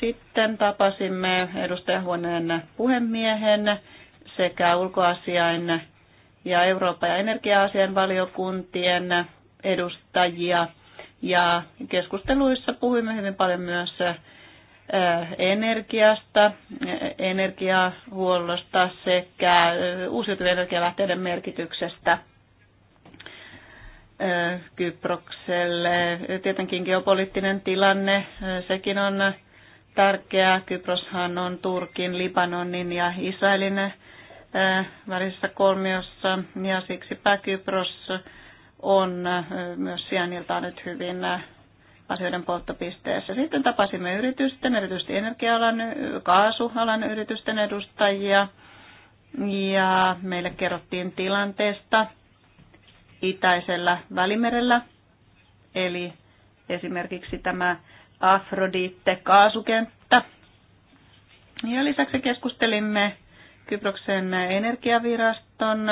Sitten tapasimme edustajahuoneen puhemiehen sekä ulkoasiain ja Eurooppa- ja energia-asian valiokuntien edustajia – ja keskusteluissa puhuimme hyvin paljon myös energiasta, energiahuollosta sekä uusiutuvien energialähteiden merkityksestä Kyprokselle. Tietenkin geopoliittinen tilanne, sekin on tärkeää. Kyproshan on Turkin, Libanonin ja Israelin välisessä kolmiossa ja siksipä Kypros on äh, myös sijainniltaan nyt hyvin äh, asioiden polttopisteessä. Sitten tapasimme yritysten, erityisesti energia-alan, äh, kaasualan yritysten edustajia ja meille kerrottiin tilanteesta itäisellä välimerellä, eli esimerkiksi tämä Afrodite-kaasukenttä. Ja lisäksi keskustelimme Kyproksen energiaviraston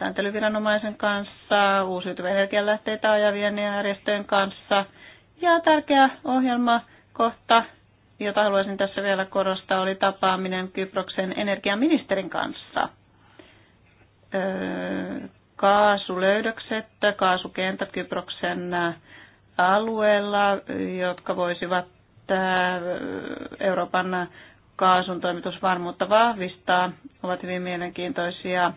sääntelyviranomaisen kanssa, uusiutuvien energialähteitä ajavien järjestöjen kanssa. Ja tärkeä ohjelma kohta, jota haluaisin tässä vielä korostaa, oli tapaaminen Kyproksen energiaministerin kanssa. Öö, kaasulöydökset, kaasukentät Kyproksen alueella, jotka voisivat Euroopan kaasun toimitusvarmuutta vahvistaa, ovat hyvin mielenkiintoisia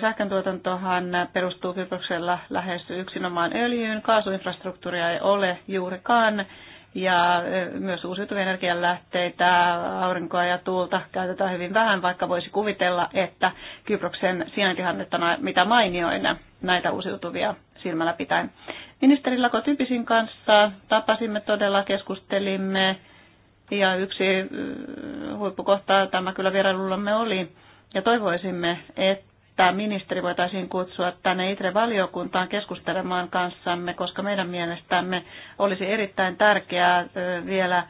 Sähköntuotantohan perustuu Kyproksella lähes yksinomaan öljyyn, kaasuinfrastruktuuria ei ole juurikaan ja myös uusiutuvia energianlähteitä, aurinkoa ja tuulta käytetään hyvin vähän, vaikka voisi kuvitella, että Kyproksen sijaintihan on mitä mainioina näitä uusiutuvia silmällä pitäen. Ministeri Lakotypisin kanssa tapasimme todella, keskustelimme ja yksi huippukohta tämä kyllä vierailullamme oli. Ja toivoisimme, että tämä ministeri voitaisiin kutsua tänne ITRE-valiokuntaan keskustelemaan kanssamme, koska meidän mielestämme olisi erittäin tärkeää vielä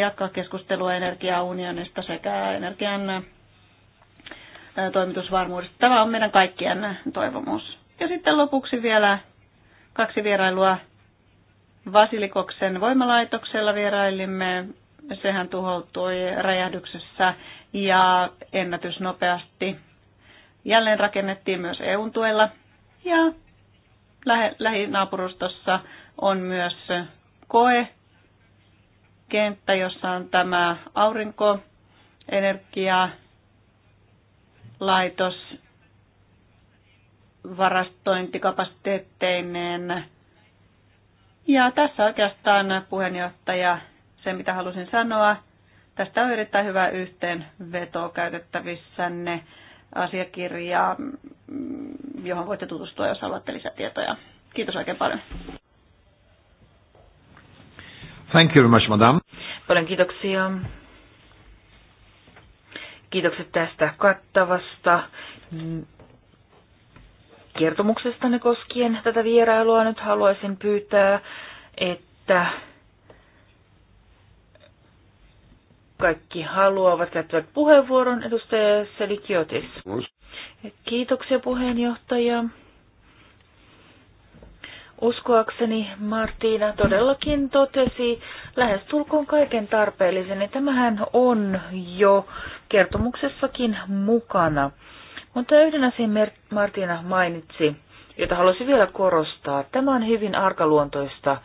jatkaa keskustelua energiaunionista sekä energian toimitusvarmuudesta. Tämä on meidän kaikkien toivomus. Ja sitten lopuksi vielä kaksi vierailua Vasilikoksen voimalaitoksella vierailimme. Sehän tuhoutui räjähdyksessä ja ennätysnopeasti jälleen rakennettiin myös EUn tuella ja lähinaapurustossa on myös koe kenttä, jossa on tämä aurinkoenergialaitos varastointikapasiteetteineen. Ja tässä oikeastaan puheenjohtaja se, mitä halusin sanoa. Tästä on erittäin hyvä yhteenveto käytettävissänne asiakirjaa, johon voitte tutustua, jos haluatte lisätietoja. Kiitos oikein paljon. Thank you very much, madam. Paljon kiitoksia. Kiitokset tästä kattavasta kertomuksestanne koskien tätä vierailua. Nyt haluaisin pyytää, että kaikki haluavat, käyttävät puheenvuoron. Edustaja Selikiotis. Kiitoksia puheenjohtaja. Uskoakseni Martina todellakin totesi lähestulkoon kaiken tarpeellisen, ja niin tämähän on jo kertomuksessakin mukana. Mutta yhden asian Martina mainitsi, jota haluaisin vielä korostaa. Tämä on hyvin arkaluontoista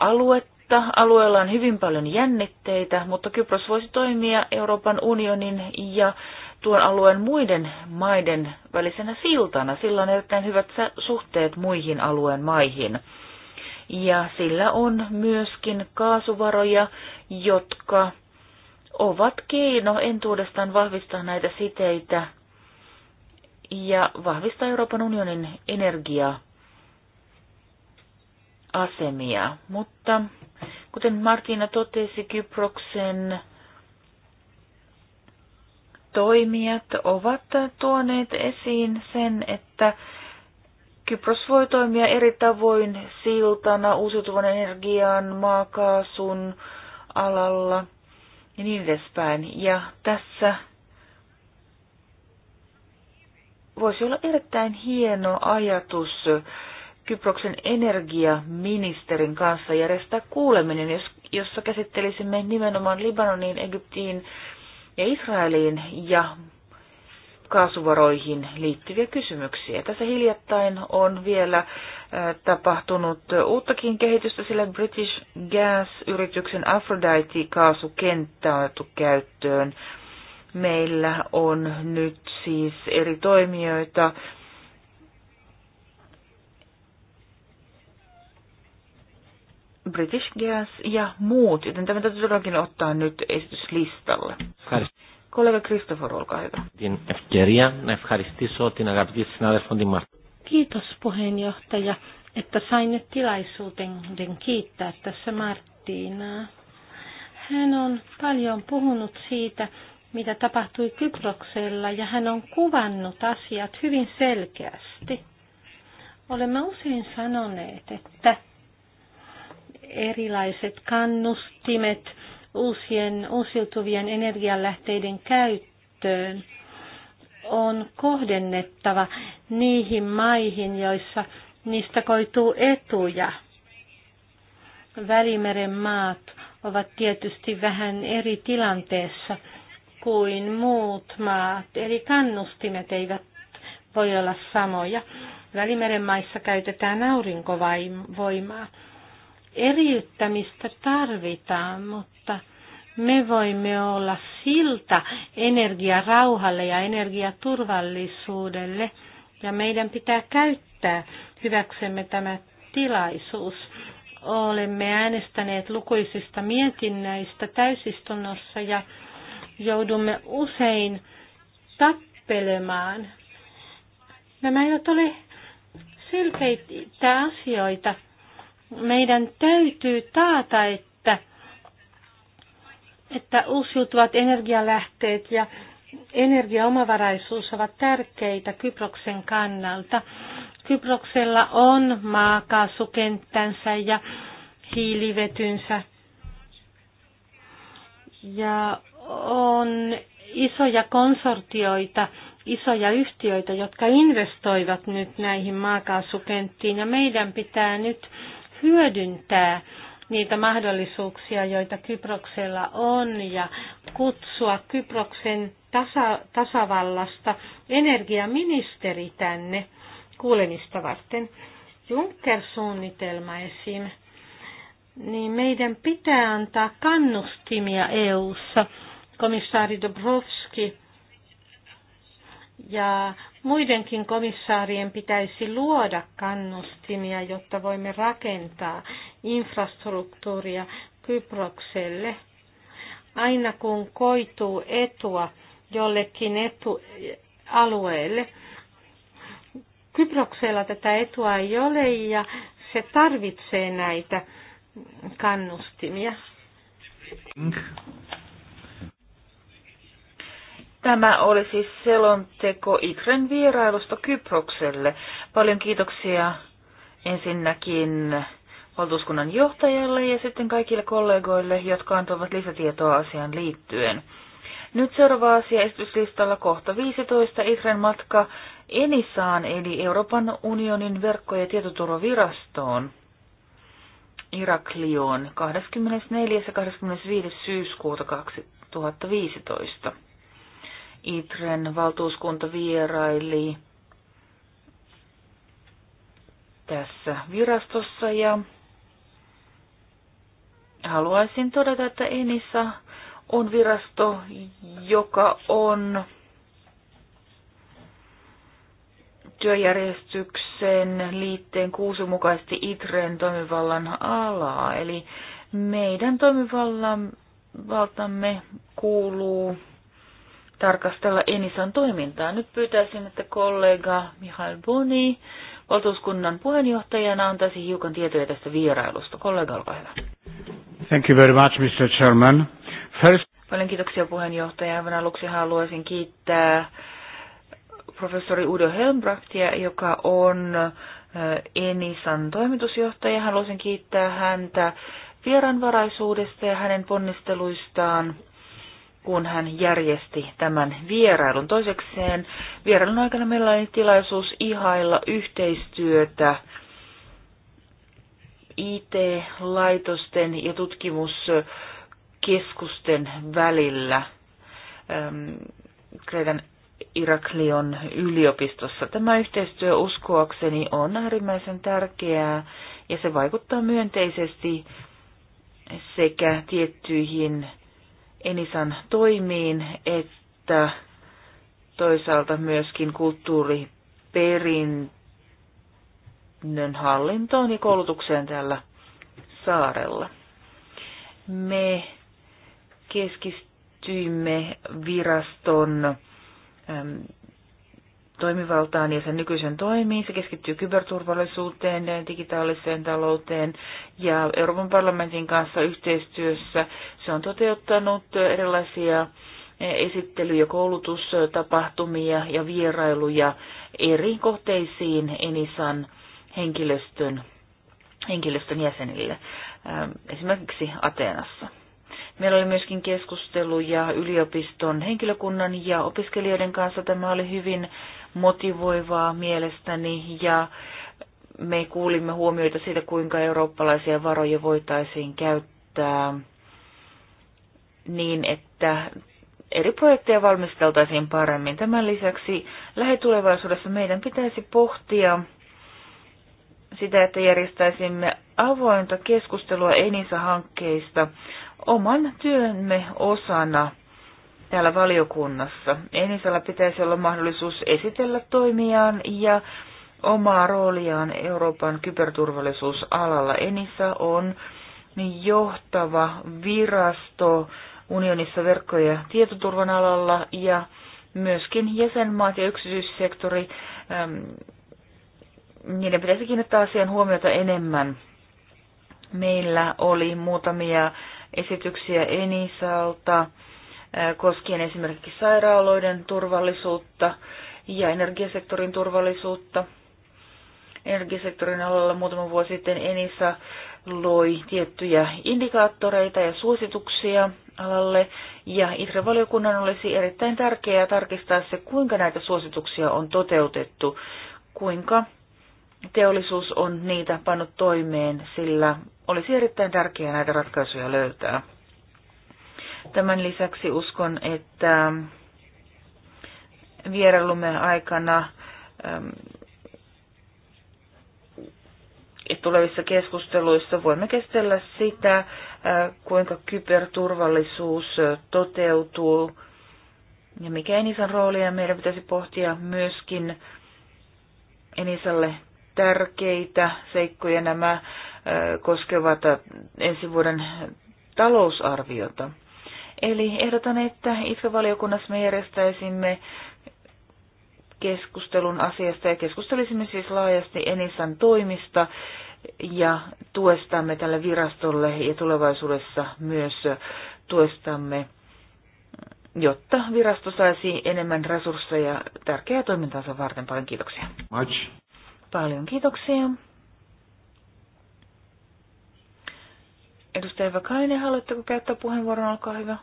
aluetta Alueella on hyvin paljon jännitteitä, mutta Kypros voisi toimia Euroopan unionin ja tuon alueen muiden maiden välisenä siltana. Sillä on erittäin hyvät suhteet muihin alueen maihin. Ja sillä on myöskin kaasuvaroja, jotka ovat keino entuudestaan vahvistaa näitä siteitä ja vahvistaa Euroopan unionin energiaasemia. Mutta Kuten Martina totesi, Kyproksen toimijat ovat tuoneet esiin sen, että Kypros voi toimia eri tavoin siltana uusiutuvan energian, maakaasun alalla ja niin edespäin. Ja tässä voisi olla erittäin hieno ajatus Kyproksen energiaministerin kanssa järjestää kuuleminen, jossa käsittelisimme nimenomaan Libanoniin, Egyptiin ja Israeliin ja kaasuvaroihin liittyviä kysymyksiä. Tässä hiljattain on vielä äh, tapahtunut uuttakin kehitystä, sillä British Gas-yrityksen Aphrodite-kaasukenttä on otettu käyttöön. Meillä on nyt siis eri toimijoita, British Gas ja muut, joten tämä täytyy todellakin ottaa nyt esityslistalle. Kollega Kristofor, olkaa hyvä. Kiitos puheenjohtaja, että sain nyt tilaisuuden kiittää tässä Marttiinaa. Hän on paljon puhunut siitä, mitä tapahtui Kyproksella ja hän on kuvannut asiat hyvin selkeästi. Olemme usein sanoneet, että erilaiset kannustimet uusien uusiutuvien energialähteiden käyttöön on kohdennettava niihin maihin, joissa niistä koituu etuja. Välimeren maat ovat tietysti vähän eri tilanteessa kuin muut maat, eli kannustimet eivät voi olla samoja. Välimeren maissa käytetään aurinkovoimaa eriyttämistä tarvitaan, mutta me voimme olla silta rauhalle ja energia turvallisuudelle, ja meidän pitää käyttää hyväksemme tämä tilaisuus. Olemme äänestäneet lukuisista mietinnöistä täysistunnossa ja joudumme usein tappelemaan. Nämä eivät ole selkeitä asioita meidän täytyy taata, että, että uusiutuvat energialähteet ja energiaomavaraisuus ovat tärkeitä Kyproksen kannalta. Kyproksella on maakaasukenttänsä ja hiilivetynsä ja on isoja konsortioita, isoja yhtiöitä, jotka investoivat nyt näihin maakaasukenttiin ja meidän pitää nyt hyödyntää niitä mahdollisuuksia, joita Kyproksella on, ja kutsua Kyproksen tasa, tasavallasta energiaministeri tänne kuulemista varten. Juncker-suunnitelma esim. Niin meidän pitää antaa kannustimia EU-ssa. Komissaari Dobrovski ja muidenkin komissaarien pitäisi luoda kannustimia, jotta voimme rakentaa infrastruktuuria Kyprokselle. Aina kun koituu etua jollekin etualueelle, Kyproksella tätä etua ei ole ja se tarvitsee näitä kannustimia. Tämä oli siis selonteko Itren vierailusta Kyprokselle. Paljon kiitoksia ensinnäkin valtuuskunnan johtajalle ja sitten kaikille kollegoille, jotka antoivat lisätietoa asiaan liittyen. Nyt seuraava asia esityslistalla kohta 15 Itren matka Enisaan eli Euroopan unionin verkko- ja tietoturvavirastoon. Iraklioon 24. ja 25. syyskuuta 2015. ITREN valtuuskunta vieraili tässä virastossa ja haluaisin todeta, että Enissa on virasto, joka on työjärjestyksen liitteen kuusi mukaisesti ITREn toimivallan alaa. Eli meidän toimivallan valtamme kuuluu tarkastella Enisan toimintaa. Nyt pyytäisin, että kollega Mihail Boni valtuuskunnan puheenjohtajana antaisi hiukan tietoja tästä vierailusta. Kollega, olkaa hyvä. Thank you very much, Mr. Chairman. First... Paljon kiitoksia puheenjohtaja. Aivan aluksi haluaisin kiittää professori Udo Helmbrachtia, joka on Enisan toimitusjohtaja. Haluaisin kiittää häntä vieraanvaraisuudesta ja hänen ponnisteluistaan kun hän järjesti tämän vierailun. Toisekseen vierailun aikana meillä oli tilaisuus ihailla yhteistyötä IT-laitosten ja tutkimuskeskusten välillä ähm, Kreikan Iraklion yliopistossa. Tämä yhteistyö uskoakseni on äärimmäisen tärkeää ja se vaikuttaa myönteisesti sekä tiettyihin Enisan toimiin, että toisaalta myöskin kulttuuriperinnön hallintoon ja koulutukseen tällä saarella. Me keskistyimme viraston toimivaltaan ja sen nykyisen toimiin. Se keskittyy kyberturvallisuuteen, digitaaliseen talouteen ja Euroopan parlamentin kanssa yhteistyössä. Se on toteuttanut erilaisia esittely- ja koulutustapahtumia ja vierailuja eri kohteisiin Enisan henkilöstön, henkilöstön jäsenille, ähm, esimerkiksi Ateenassa. Meillä oli myöskin keskusteluja yliopiston henkilökunnan ja opiskelijoiden kanssa. Tämä oli hyvin motivoivaa mielestäni ja me kuulimme huomioita siitä, kuinka eurooppalaisia varoja voitaisiin käyttää niin, että eri projekteja valmisteltaisiin paremmin. Tämän lisäksi lähitulevaisuudessa meidän pitäisi pohtia sitä, että järjestäisimme avointa keskustelua Enisa-hankkeista oman työmme osana – täällä valiokunnassa. Enisellä pitäisi olla mahdollisuus esitellä toimiaan ja omaa rooliaan Euroopan kyberturvallisuusalalla. Enisa on johtava virasto unionissa verkko- ja tietoturvan alalla ja myöskin jäsenmaat ja yksityissektori, ähm, niiden pitäisi kiinnittää asian huomiota enemmän. Meillä oli muutamia esityksiä Enisalta koskien esimerkiksi sairaaloiden turvallisuutta ja energiasektorin turvallisuutta. Energiasektorin alalla muutama vuosi sitten Enisa loi tiettyjä indikaattoreita ja suosituksia alalle, ja ITRE-valiokunnan olisi erittäin tärkeää tarkistaa se, kuinka näitä suosituksia on toteutettu, kuinka teollisuus on niitä pannut toimeen, sillä olisi erittäin tärkeää näitä ratkaisuja löytää. Tämän lisäksi uskon, että vierailumme aikana ähm, tulevissa keskusteluissa voimme kestellä sitä, äh, kuinka kyberturvallisuus äh, toteutuu ja mikä Enisan rooli ja meidän pitäisi pohtia myöskin Enisalle tärkeitä seikkoja. Nämä äh, koskevat ensi vuoden talousarviota. Eli ehdotan, että IFE-valiokunnassa me järjestäisimme keskustelun asiasta ja keskustelisimme siis laajasti Enisan toimista ja tuestamme tälle virastolle ja tulevaisuudessa myös tuestamme, jotta virasto saisi enemmän resursseja tärkeää toimintaansa varten. Paljon kiitoksia. Much. Paljon kiitoksia. Edustaja Vakainen, haluatteko käyttää puheenvuoron? Olkaa hyvä.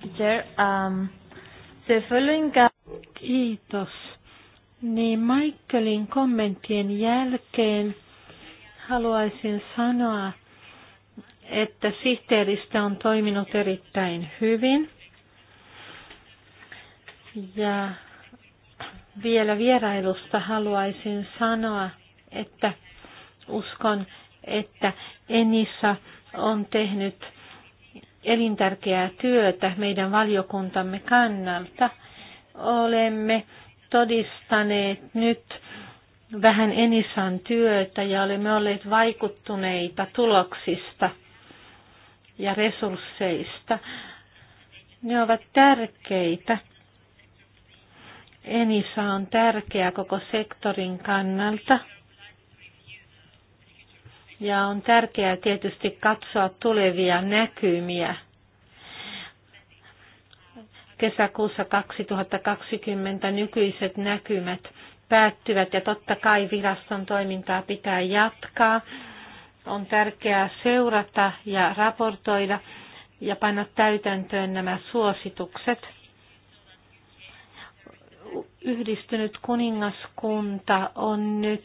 Um, Kiitos. Niin Michaelin kommenttien jälkeen haluaisin sanoa, että sihteeristä on toiminut erittäin hyvin. Ja vielä vierailusta haluaisin sanoa, että uskon, että Enissa on tehnyt elintärkeää työtä meidän valiokuntamme kannalta. Olemme todistaneet nyt vähän Enisan työtä ja olemme olleet vaikuttuneita tuloksista ja resursseista. Ne ovat tärkeitä. Enisa on tärkeä koko sektorin kannalta. Ja on tärkeää tietysti katsoa tulevia näkymiä. Kesäkuussa 2020 nykyiset näkymät päättyvät ja totta kai viraston toimintaa pitää jatkaa. On tärkeää seurata ja raportoida ja panna täytäntöön nämä suositukset. Yhdistynyt kuningaskunta on nyt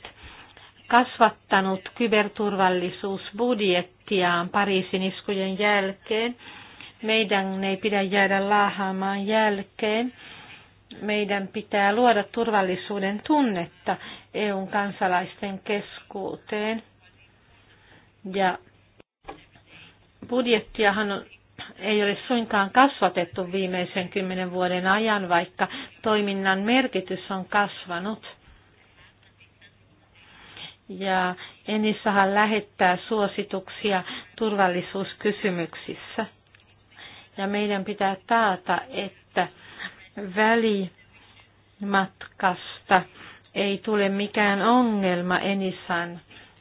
kasvattanut kyberturvallisuusbudjettiaan Pariisin iskujen jälkeen. Meidän ei pidä jäädä laahaamaan jälkeen. Meidän pitää luoda turvallisuuden tunnetta EUn kansalaisten keskuuteen. Ja budjettiahan ei ole suinkaan kasvatettu viimeisen kymmenen vuoden ajan, vaikka toiminnan merkitys on kasvanut ja Enissahan lähettää suosituksia turvallisuuskysymyksissä. Ja meidän pitää taata, että välimatkasta ei tule mikään ongelma Enissan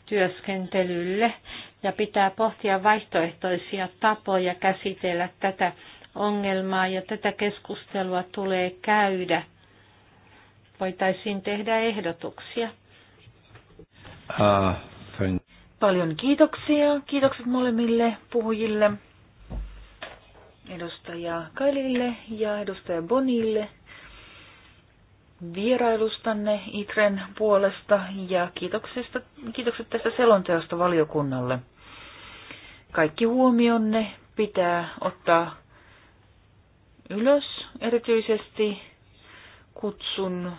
työskentelylle ja pitää pohtia vaihtoehtoisia tapoja käsitellä tätä ongelmaa ja tätä keskustelua tulee käydä. Voitaisiin tehdä ehdotuksia. Ah, Paljon kiitoksia. Kiitokset molemmille puhujille. Edustaja Kailille ja edustaja Bonille vierailustanne ITREN puolesta ja kiitoksista, kiitokset tästä selonteosta valiokunnalle. Kaikki huomionne pitää ottaa ylös erityisesti kutsun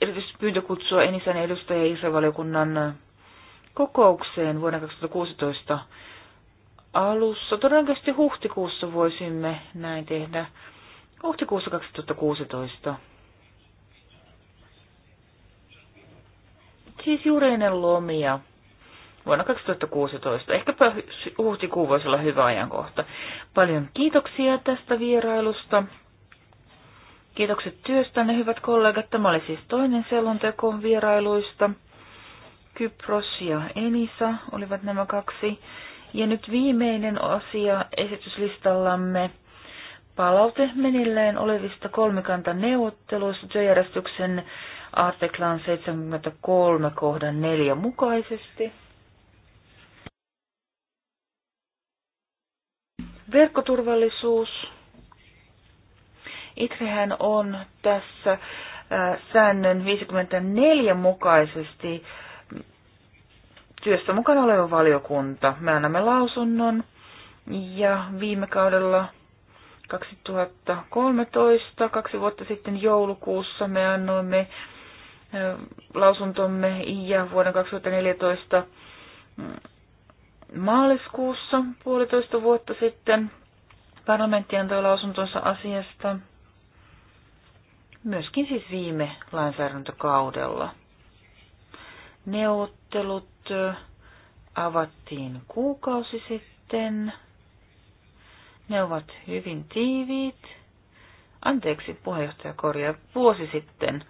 erityisesti pyyntö kutsua Enisan edustajia Israel-valiokunnan äh, kokoukseen vuonna 2016 alussa. Todennäköisesti huhtikuussa voisimme näin tehdä. Huhtikuussa 2016. Siis juuri ennen lomia vuonna 2016. Ehkäpä huhtikuu voisi olla hyvä ajankohta. Paljon kiitoksia tästä vierailusta. Kiitokset työstänne, hyvät kollegat. Tämä oli siis toinen selonteko vierailuista. Kypros ja Enisa olivat nämä kaksi. Ja nyt viimeinen asia esityslistallamme palaute menilleen olevista kolmikantaneuvotteluista työjärjestyksen artiklan 73 kohdan 4 mukaisesti. Verkkoturvallisuus Itsehän on tässä äh, säännön 54 mukaisesti työssä mukana oleva valiokunta. Me annamme lausunnon ja viime kaudella 2013, kaksi vuotta sitten joulukuussa me annoimme äh, lausuntomme ja vuoden 2014 mm, maaliskuussa puolitoista vuotta sitten parlamentti antoi lausuntonsa asiasta myöskin siis viime lainsäädäntökaudella. Neuvottelut avattiin kuukausi sitten. Ne ovat hyvin tiiviit. Anteeksi, puheenjohtaja korjaa vuosi sitten.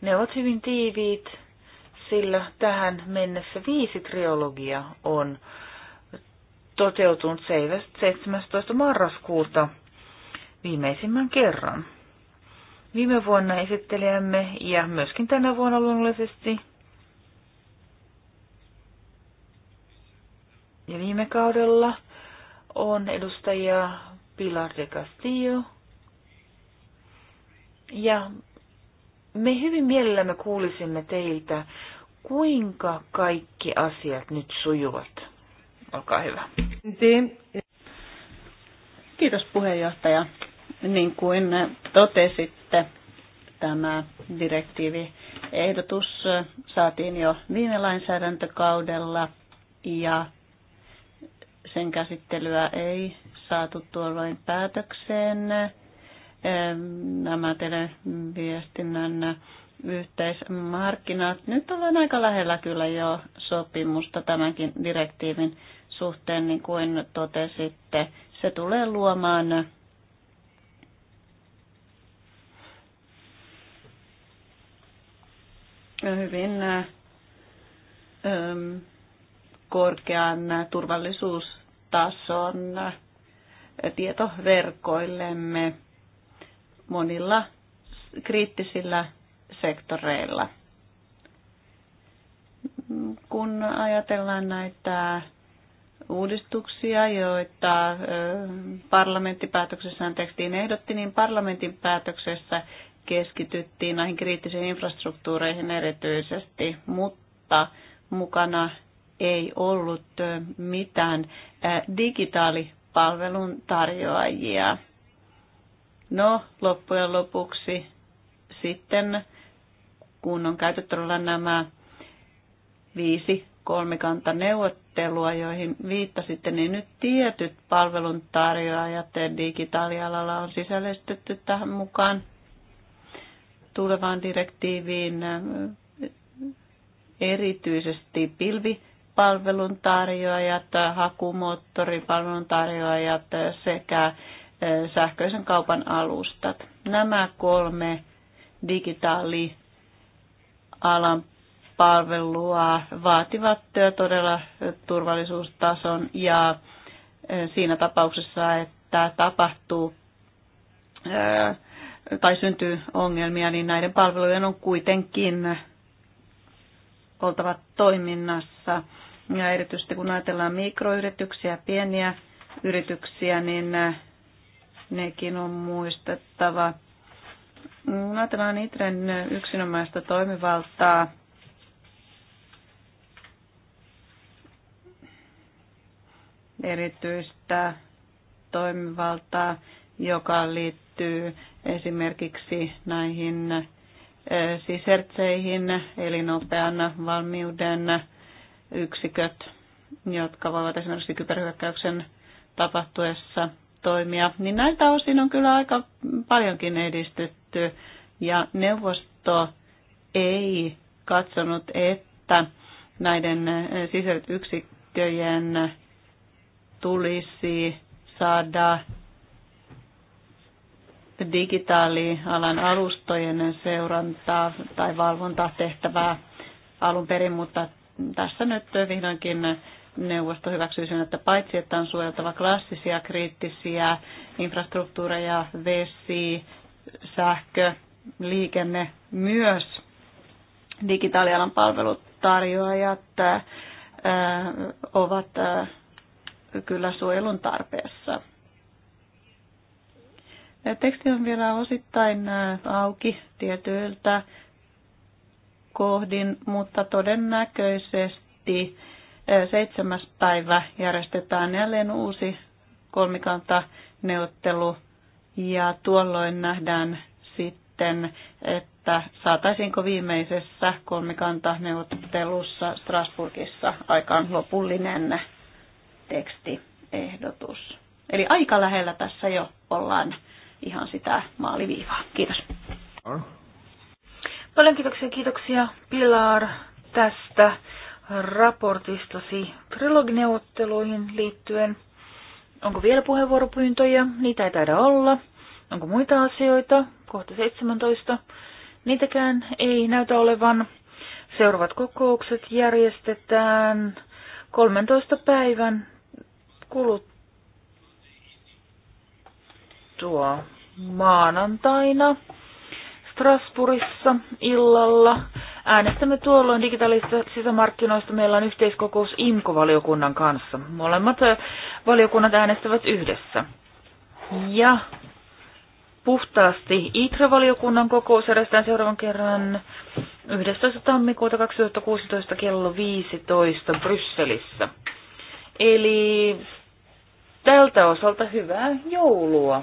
Ne ovat hyvin tiiviit, sillä tähän mennessä viisi triologia on toteutunut 17. marraskuuta viimeisimmän kerran. Viime vuonna esittelijämme ja myöskin tänä vuonna luonnollisesti ja viime kaudella on edustaja Pilar de Castillo. Ja me hyvin mielellämme kuulisimme teiltä, kuinka kaikki asiat nyt sujuvat. Olkaa hyvä. Kiitos puheenjohtaja. Niin kuin totesitte, tämä direktiiviehdotus saatiin jo viime lainsäädäntökaudella ja sen käsittelyä ei saatu tuolloin päätökseen. Nämä televiestinnän yhteismarkkinat. Nyt ollaan aika lähellä kyllä jo sopimusta tämänkin direktiivin suhteen, niin kuin totesitte. Se tulee luomaan hyvin korkean turvallisuustason tietoverkoillemme monilla kriittisillä sektoreilla. Kun ajatellaan näitä uudistuksia, joita parlamenttipäätöksessään päätöksessään tekstiin ehdotti, niin parlamentin päätöksessä keskityttiin näihin kriittisiin infrastruktuureihin erityisesti, mutta mukana ei ollut mitään digitaalipalvelun tarjoajia. No, loppujen lopuksi sitten, kun on käytettävällä nämä viisi kolmikantaneuvottelua, joihin viittasitte, niin nyt tietyt palveluntarjoajat digitaalialalla on sisällistetty tähän mukaan tulevaan direktiiviin äh, erityisesti pilvipalvelun tarjoajat, hakumoottoripalvelun tarjoajat sekä äh, sähköisen kaupan alustat. Nämä kolme digitaalialan palvelua vaativat todella turvallisuustason ja äh, siinä tapauksessa, että tapahtuu tai syntyy ongelmia, niin näiden palvelujen on kuitenkin oltava toiminnassa. Ja erityisesti kun ajatellaan mikroyrityksiä, pieniä yrityksiä, niin nekin on muistettava. Kun ajatellaan Itren yksinomaista toimivaltaa, erityistä toimivaltaa, joka liittyy esimerkiksi näihin sisertseihin, eli nopean valmiuden yksiköt, jotka voivat esimerkiksi kyberhyökkäyksen tapahtuessa toimia, niin näiltä osin on kyllä aika paljonkin edistytty ja neuvosto ei katsonut, että näiden sisertyksikköjen tulisi saada digitaalialan alustojen seurantaa tai valvontatehtävää alun perin, mutta tässä nyt vihdoinkin neuvosto hyväksyy sen, että paitsi että on suojeltava klassisia kriittisiä infrastruktuureja, vesi, sähkö, liikenne, myös digitaalialan palvelutarjoajat ovat kyllä suojelun tarpeessa. Teksti on vielä osittain auki tietyiltä kohdin, mutta todennäköisesti seitsemäs päivä järjestetään jälleen uusi kolmikanta ja tuolloin nähdään sitten, että saataisiinko viimeisessä kolmikantaneuvottelussa Strasburgissa aikaan lopullinen tekstiehdotus. Eli aika lähellä tässä jo ollaan ihan sitä maaliviivaa. Kiitos. Paljon kiitoksia, kiitoksia Pilar tästä raportistasi trilogineuvotteluihin liittyen. Onko vielä puheenvuoropyyntöjä? Niitä ei taida olla. Onko muita asioita? Kohta 17. Niitäkään ei näytä olevan. Seuraavat kokoukset järjestetään 13 päivän kuluttua tuo maanantaina Strasbourgissa illalla. Äänestämme tuolloin digitaalisista sisämarkkinoista. Meillä on yhteiskokous IMKO-valiokunnan kanssa. Molemmat valiokunnat äänestävät yhdessä. Ja puhtaasti ITRA-valiokunnan kokous järjestetään seuraavan kerran 11. tammikuuta 2016 kello 15 Brysselissä. Eli tältä osalta hyvää joulua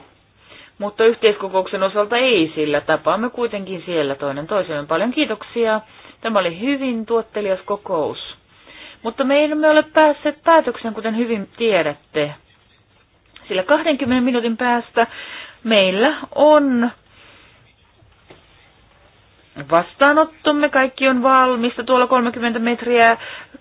mutta yhteiskokouksen osalta ei, sillä tapaamme kuitenkin siellä toinen toisemme. Paljon kiitoksia. Tämä oli hyvin tuottelias kokous. Mutta me emme ole päässeet päätöksen, kuten hyvin tiedätte. Sillä 20 minuutin päästä meillä on vastaanottomme. Kaikki on valmista. Tuolla 30 metriä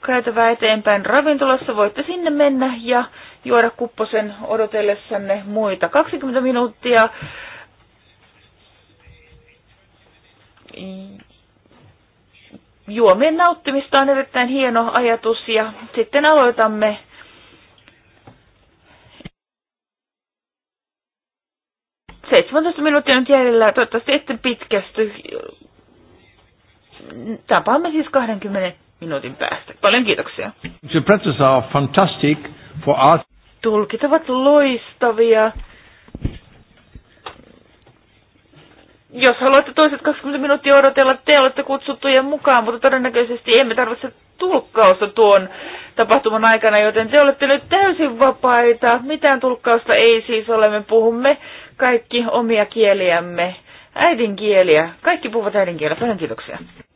käytävää eteenpäin ravintolassa. Voitte sinne mennä ja juoda kupposen odotellessanne muita. 20 minuuttia juomien nauttimista on erittäin hieno ajatus ja sitten aloitamme Seitsemäntoista minuuttia nyt jäljellä. Toivottavasti ette pitkästy. Tapaamme siis 20 minuutin päästä. Paljon kiitoksia. The are fantastic for us. Tulkit ovat loistavia. Jos haluatte toiset 20 minuuttia odotella, te olette kutsuttujen mukaan, mutta todennäköisesti emme tarvitse tulkkausta tuon tapahtuman aikana, joten te olette nyt täysin vapaita. Mitään tulkkausta ei siis ole, me puhumme kaikki omia kieliämme, äidinkieliä. Kaikki puhuvat äidinkieltä. Paljon kiitoksia.